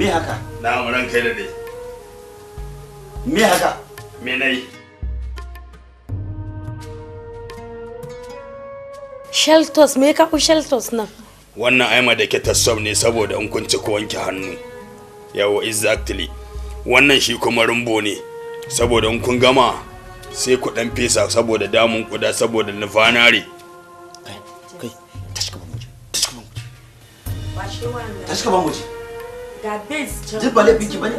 me haka na amuran kai da dai me haka me nai sheltos me ka ku sheltos nan wannan aima da ke tassab ne saboda in kun ci ko wanke hannu yawo exactly wannan shi kuma rumbo ne saboda in kun gama sai ku dan fesa saboda damun kuda saboda nufanare kai kai tashi ka ban waje tashi ka ban waje tashi ka ban waje Ga base can. Duk ba laifinki ba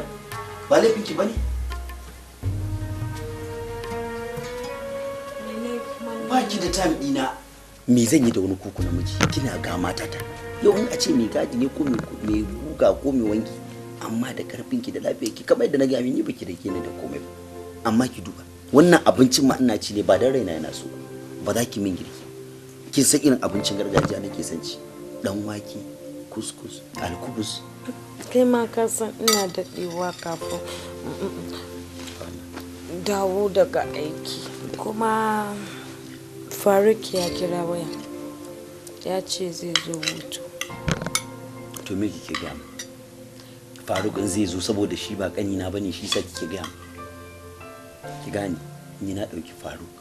Ba ki da time Me zan yi da wani kuku namiji? Kina ga ta Yau in a ce mai gadi ne ko mai guga ko mai wanki. Amma da ki da ki kamar yadda na ga min ni baki da ke ne da komai Amma ki duba. Wannan abincin ma ina ci ne ba dan raina yana so ba. za ki min girki. Kin san irin abincin gargajiya nake son ci. Dan wake, kuskus, alkubus, kai ma ka san ina daɗewa kafin dawo daga aiki kuma faruk ya kira waya ya ce zai zo hutu to me kike gaya faruk in zai zo saboda shi ba kanina bane shi sai kike gaya mu ki gane ni na ɗauki faruk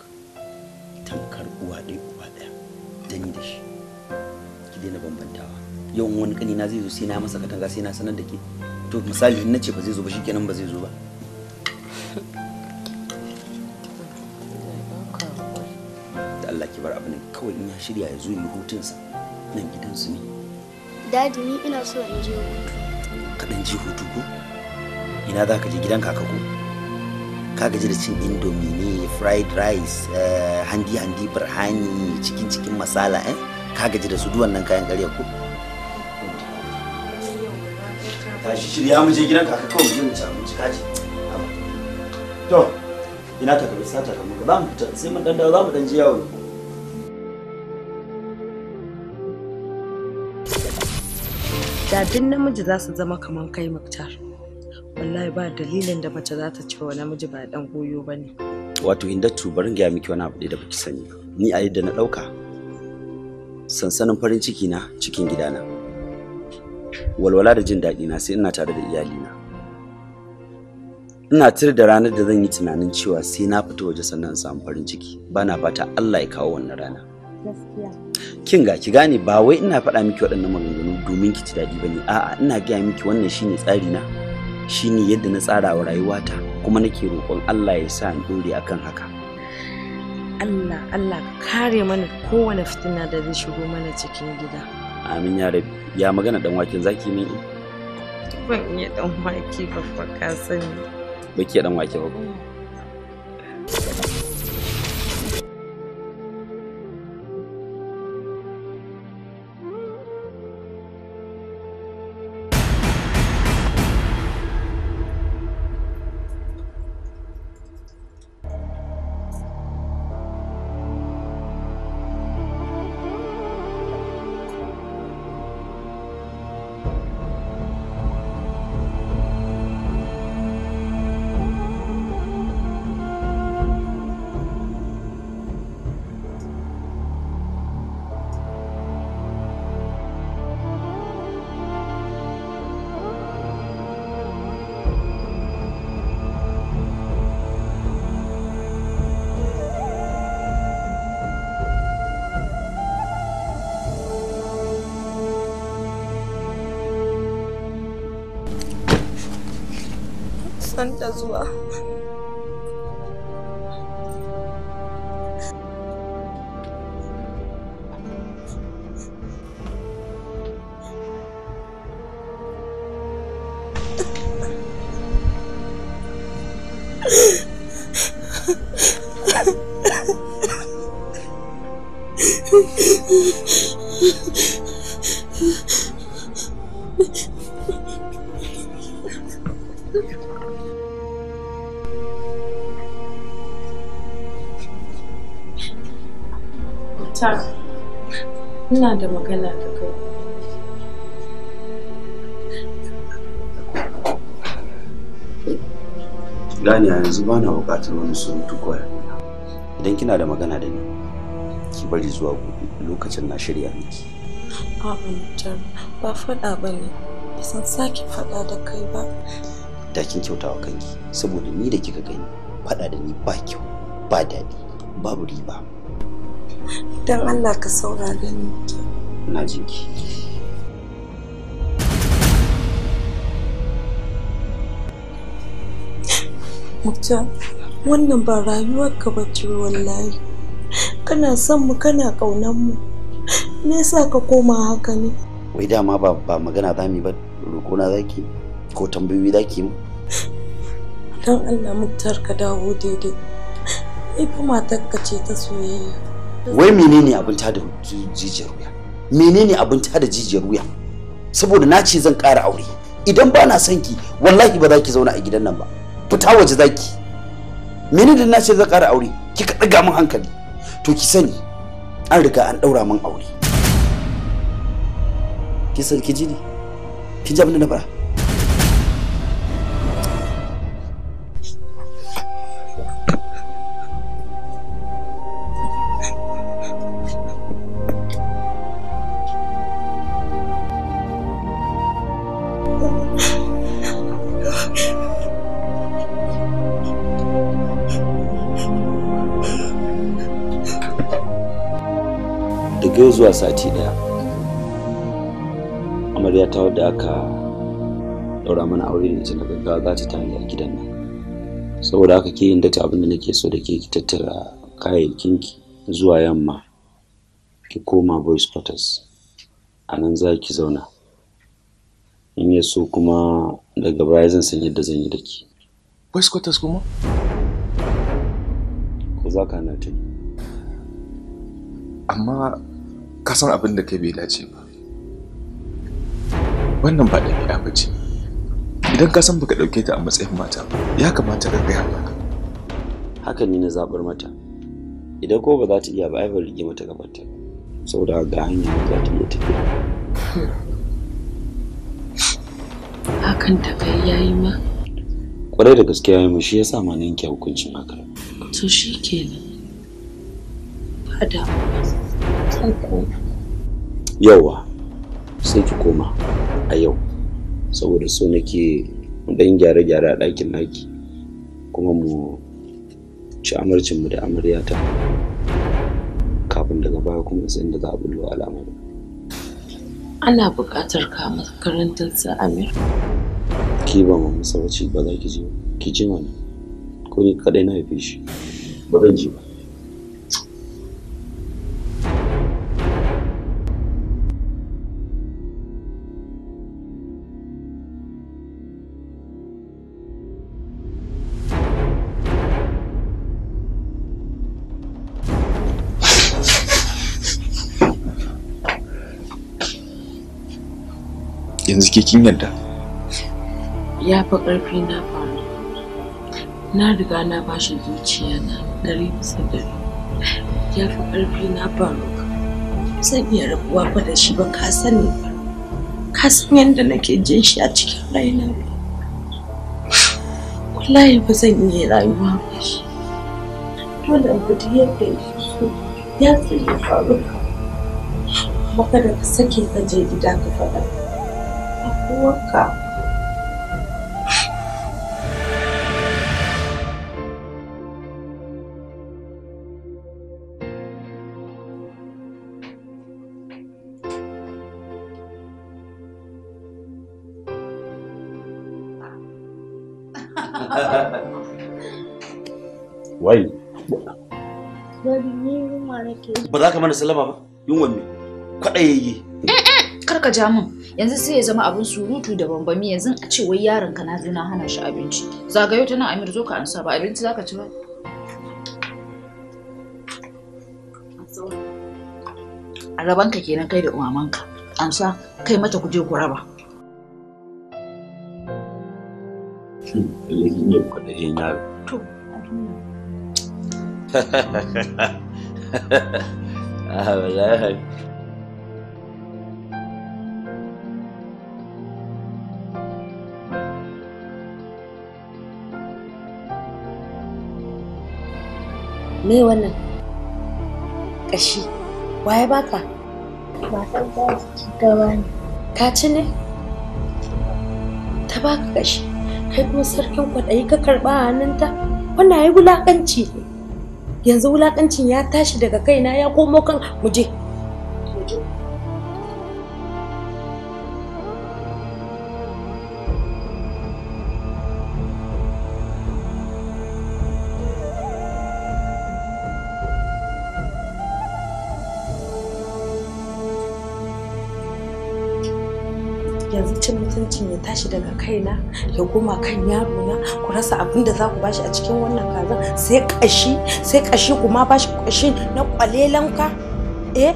tamkar uwa ɗaya uwa ɗaya dani da shi ki daina bambantawa yau wani kani na zai zo sai na masa katanga sai na sanar da ke to misali in nace ba zai zo ba shikenan ba zai zo ba da Allah ki bar abin kawai in ya shirya ya zo yi hutunsa nan gidan su ne dadi ni ina so in je hutu kaɗan je hutu ko ina za ka je gidan kaka ko ka gaji da cin indomie ne fried rice eh, handi handi birhani cikin cikin masala eh ka gaji da su duwannan kayan kariya ko tashi shirya mu je gidanka ka kawo mu ci abinci kaji to ina ta kabi sata ka muka za mu fita sai mun dan dawo za mu dan je yawo da namiji za su zama kamar kai maktar. wallahi ba dalilin da mace za ta cewa namiji ba dan goyo ba ne wato hindatu barin gaya miki wani abu da baki sani ni a yadda na ɗauka sansanin farin ciki na cikin gidana walwala da jin daɗi na sai ina tare da iyalina ina tir da ranar da zan yi tunanin cewa sai na fito waje sannan samu farin ciki bana fata Allah ya kawo wannan rana kin ga ki gane ba wai ina faɗa miki waɗannan maganganu domin ki ci daɗi bane a'a ina gaya miki wannan shine tsari na shine yadda na tsara wa rayuwata kuma nake roƙon Allah ya sa ni dore akan haka Allah Allah kare mana kowane fitina da zai shigo mana cikin gida amin ya rabi ya magana dan waken zaki ne ban iya dan wake babba ka sani ba ke dan wake ba san da zuwa ba na buƙatar wani surutu ko Idan kina da magana da ni, ki bari zuwa gobe lokacin na shirya miki. A'a, ba faɗa ba ne, ba san sake faɗa da kai ba. Da kin kyautawa kanki, saboda ni da kika gani, faɗa da ni ba kyau, ba daɗi, babu riba. Idan Allah ka saurare ni. Na jinki. Mukta, wannan ba rayuwarka ba ce wallahi. Kana son mu kana kaunar mu. Me yasa ka koma haka ne? Wai dama ba ba magana za mu ba roƙo na zaki ko tambayoyi zaki mu. Dan Allah Muktar ka dawo daidai. Ai fa matarka ce ta soyayya. Wai menene abin ta da jijiyar wuya? Menene abin ta da jijiyar wuya? Saboda na ce zan ƙara aure. Idan ba na son ki, wallahi ba za ki zauna a gidan nan ba. fita waje zaki mene da na ce zan ƙara aure kika ɗaga min hankali to ki sani an riga an ɗaura min aure ki san ki ji ne ki ji abin da na fara zuwa sati daya amarya ta wadda aka daura mana aure da ita na gaggawa za ta tare a gidan nan saboda haka ke yin ta abin da nake so da ke ki tattara ki zuwa yamma ki koma boys quarters a nan za ki zauna in ya so kuma daga baya zan san yadda zan yi da ki boys quarters kuma ko za na ta amma ka san abin da kai bai dace ba wannan ba ɗabi'a ba ce idan ka san baka ɗauke ta a matsayin mata ba ya kamata ka gaya mana haka ni na zaɓar mata idan ko ba za ta iya ba ai ban rige mata gabanta saboda ga hanyar da za ta iya tafiya hakan ta kai yayi ma kwarai da gaske yayi ma shi yasa ma na yanke hukuncin haka to shikenan ba damuwa yawa sai ki koma a yau saboda so nake dan gyare-gyare a ɗakin naki kuma mu ci mu da amaryata kafin daga baya kuma sai da za a bullo al'amari ana buƙatar ka makarantar sa amir ki ba mu masa wace ba za ki je ki ji mana ko ni kadai na haife shi ba zan ji ba yanzu ke kin yarda ya fi ƙarfi na faru na riga na shi zuciya na ɗari bisa ɗari ya fi ƙarfi na faru zan iya rabuwa ba da shi ba ka sani ba ka san yadda nake jin shi a cikin raina ba wallahi ba zan iya rayuwa ba shi dole in fita yadda ya fi faru kuma da ka sake ka je gida ka faɗa uwarka Wai. Ba za ka mana sallama ba, yayi. Eh eh. kar ka ja min yanzu sai ya zama abin surutu da bambami yanzu a ce wai yaron ka na zo na hana shi abinci zagayo ta nan Amir zo ka ansa ba abinci zaka ci ba a ka kenan kai da ka amsa kai mata ku je ku raba me wannan ƙashi waye baka matar ba ki ta bani ka ci ne ta baka ƙashi kai kuma sarkin kwaɗayi ka karɓa a hannunta wannan ya yi wulaƙanci yanzu wulaƙancin ya tashi daga kaina ya komo kan muje haushin ya tashi daga kaina ya goma kan yaro na ku rasa abin da za ku bashi a cikin wannan kaza sai kashi sai kashi kuma bashi kashi na kwalelanka eh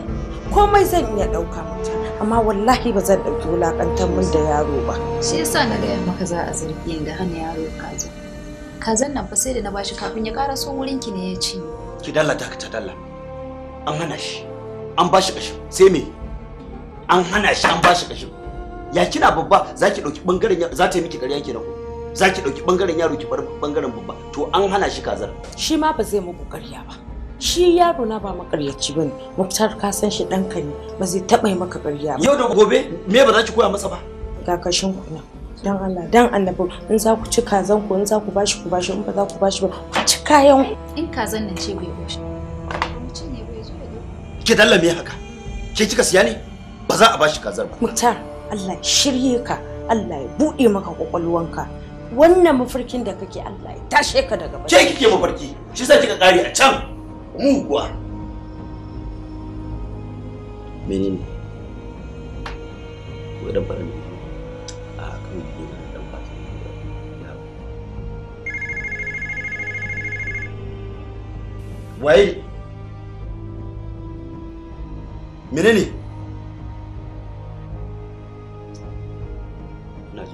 komai zan iya dauka mata amma wallahi ba zan dauki wulakantar mun da yaro ba shi yasa na ga maka za a zargi da hana yaro kaza kazan nan fa sai da na bashi kafin ya ƙara so wurin ki ne ya ci ki dalla ta ta dalla an hana shi an bashi kashi sai me an hana shi an bashi kashi ya kina babba za ki ɗauki ɓangaren za ta yi miki ƙarya kenan ko za ki ɗauki ɓangaren yaro ki bar ɓangaren babba to an hana shi kazar. shi ma ba zai muku ƙarya ba shi yaro na ba makaryaci ba ne muktar ka san shi ɗanka ne ba zai taɓa yi maka ƙarya ba. yau da gobe me ba za ki koya masa ba. ga kashin ku nan dan Allah dan annabi in za ku ci kazan ku in za ku bashi ku bashi in ba za ku bashi ba ku ci kayan in kazan nan ce bai bashi ki dalla me haka ke kika siya ne ba za a bashi kazar ba muktar Allah ya shirye ka Allah ya buɗe maka kwakwalwanka wannan mafarkin da kake Allah ya tashe ka daga bacci ke kike mafarki shi sa kika kare a can kuwa menene ko da faɗa ne a kan yana dan ba wai menene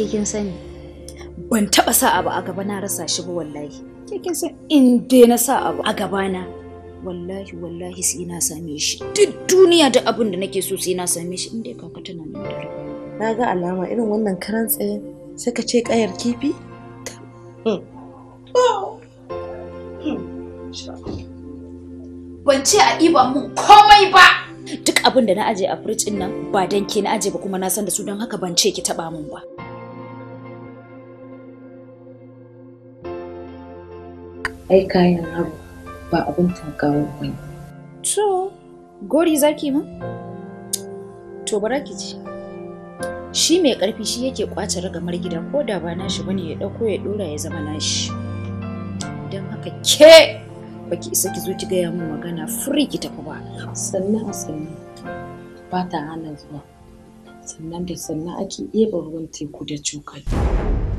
ke kin sani ban taba sa abu a gaba na rasa shi ba wallahi ke kin sani in dai na sa abu a gaba na wallahi wallahi sai na same shi duk duniya da abin da nake so sai na same shi in dai kaka tana nan da na ga alama irin wannan karan tsaye sai ka ce kayar kifi ban ce a iba mun komai ba duk abin da na aje a firicin nan ba danke na aje ba kuma na san da su don haka ban ce ki taba mun ba ai kayan haru ba abin ba ne. to gori zaki mu? to bara ki ci shi mai ƙarfi shi yake ƙwace ragamar gida ko da ba nashi bane ya ɗauko ya ɗora ya zama nashi don haka ke ba ki isa ki zo ki gaya min magana furi ki tafi ba sannan a sannan ba ta hana zuwa sannan da sannan ake ɗeba ruwan teku da cokali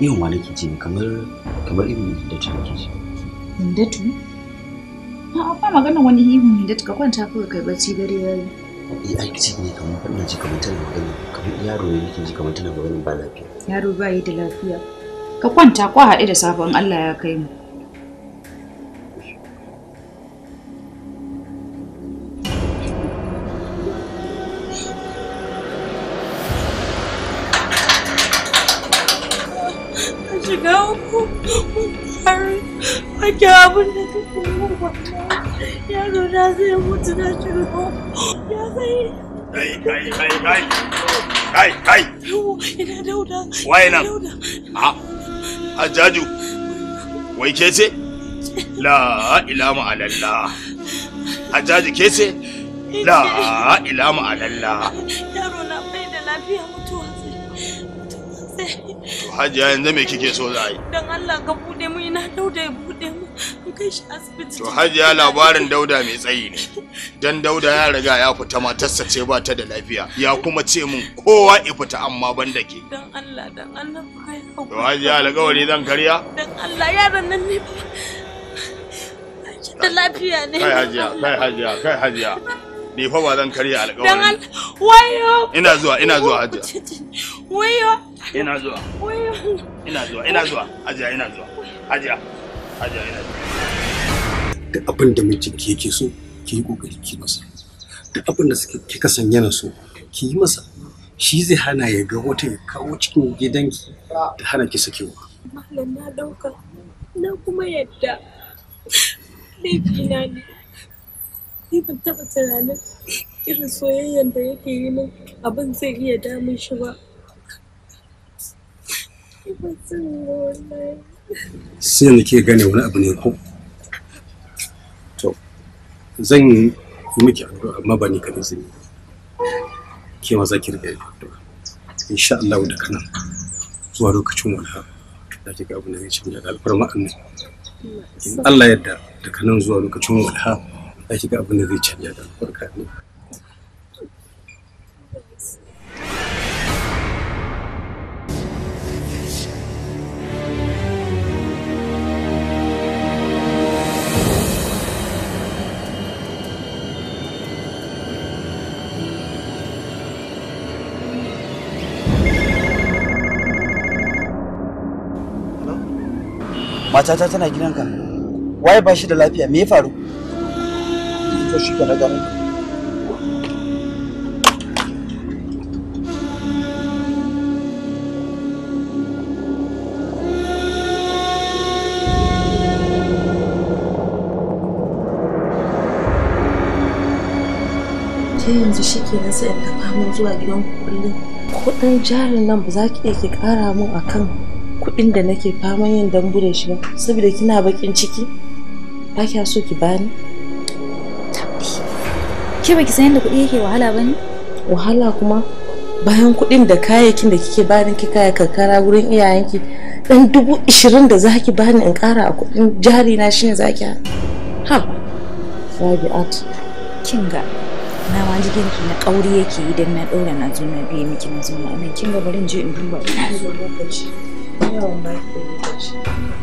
Yin wa nake ji kamar kamar irin hindatu nake ji hindatu a ba magana wani ne da ka kwanta kawai kai bacci dare yayi eh ai kici ne kamar fannin ji kamar tana magana kamar yaro ne yake ji kamar tana magana ba lafiya yaro ba yi da lafiya ka kwanta ko haɗe da sabon Allah ya kai mu 也不知道这个痛，ya zai kai kai kai kai kai kai ina dauda waye nan a hajjaju wai ke ce la ilama alallah hajjaju ke ce la ilama alallah yaro na kike so a yi allah ka bude mu ina ya bude shi asibiti to hajiya labarin dauda mai tsayi ne dan dauda ya riga ya fita matarsa ce ba ta da lafiya ya kuma ce min kowa ya fita amma ban da ke dan Allah dan Allah kai to hajiya alƙawari zan karya dan Allah yaran nan ne da lafiya ne kai hajiya kai hajiya kai hajiya ni fa ba zan karya alƙawari dan Allah wayo ina zuwa ina zuwa hajiya wayo ina zuwa wayo ina zuwa ina zuwa hajiya ina zuwa hajiya Da abin da mijinki yake so ki yi kokari ki masa da abin da kika san yana so ki yi masa shi zai hana ya ga wata ya kawo cikin gidanki da hana ki sakewa malam na dauka na kuma yadda jina ne ni ban taɓa tunanin irin soyayyan da yake yi min abin zai iya damun shi ba. Ni ban san wallahi. sai yanzu ke gane wani abu ne ko to zan yi miki addu'a amma ba ni kaɗai zan yi ke ma za ki riga yin addu'a insha Allah da kana zuwa lokacin wala da kika abu ne zai cin da alfarma annabi in Allah yadda da kanan zuwa lokacin wala da kika abu ne zai canja da alfarka ne matata tana gidanka waye ba shi da lafiya me ya faru to shi ka daga yanzu shi ke nasa in tafa mun zuwa gidan kullum kuɗin jarin nan ba za ki iya ki ƙara mun akan inda nake faman yin dambure shi ba saboda kina bakin ciki ba kya so ki bani ke ki san yadda kuɗi yake wahala ba ne wahala kuma bayan kuɗin da kayayyakin da kike bani ki kaya karkara wurin iyayenki dan dubu ishirin da zaki bani in ƙara a kuɗin jari na shine zaki ha rabi'at kinga na ma jikin ki na kauri yake idan na ɗora na zo na biye miki na zo na nan kinga bari in je in duba lokaci Yeah, my favorite.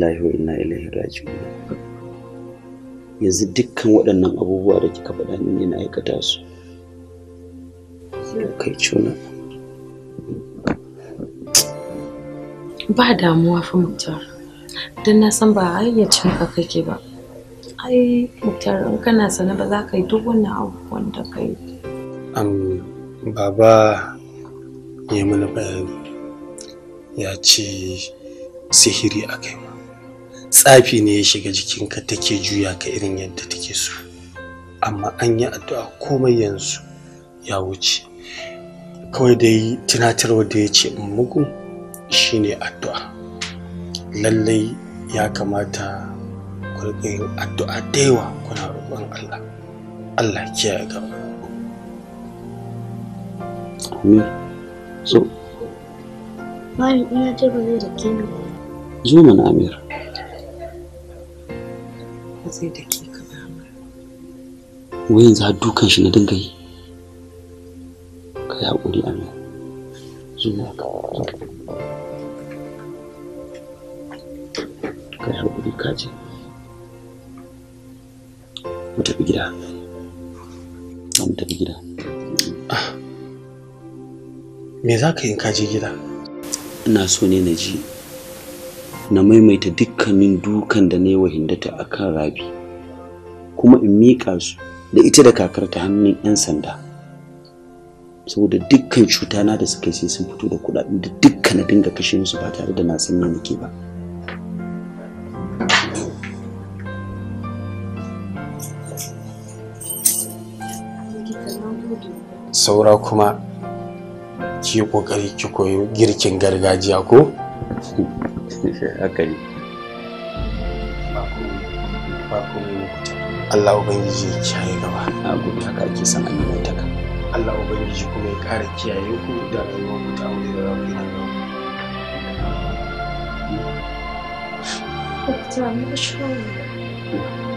lillahi wa inna ilaihi raji'un yanzu dukkan waɗannan abubuwa da kika faɗa ni ne na aikata su kai cuna ba damuwa fa mutar, don na san ba hayyacin ka kake ba ai mutar in kana sana ba za ka yi duk wannan abubuwan da ka yi baba ya mana bayani ya ce sihiri a kai tsafi ne ya shiga jikinka take juya ka irin yadda take so amma an yi addu'a komai yanzu ya wuce kawai dai tunatarwa da ya ce in muku ne addu'a lallai ya kamata ku yin addu'a da yawa kuna roƙon Allah Allah kiyaye ga Amin. So. Bayan ina ce ba zai da kenan. Zo mana Amir. ba ka wai yanzu har dukan shi na dinga yi ka yi haƙuri a nan zuwa ka ka yi haƙuri ka mu tafi gida mu tafi gida ah. me za ka yi in ka je gida ina so ne na ji na maimaita dukkanin dukan da na yi wa hindata a kan rabi kuma in miƙa su da ita da kakarta hannun 'yan sanda saboda dukkan cuta na da suka sai sun fito da kuɗaɗe da dukkan na dinga kashe musu ba tare da na san me nake ba saura kuma ki kokari ki koyo girkin gargajiya ko haka ne Allah Ubangiji ya kiyaye gaba. A gobe haka ake son an yi mutaka. Allah Ubangiji kuma ya ƙara kiyaye ku da rayuwar ku ta aure da rafi nan gaba. Dokta, mun shi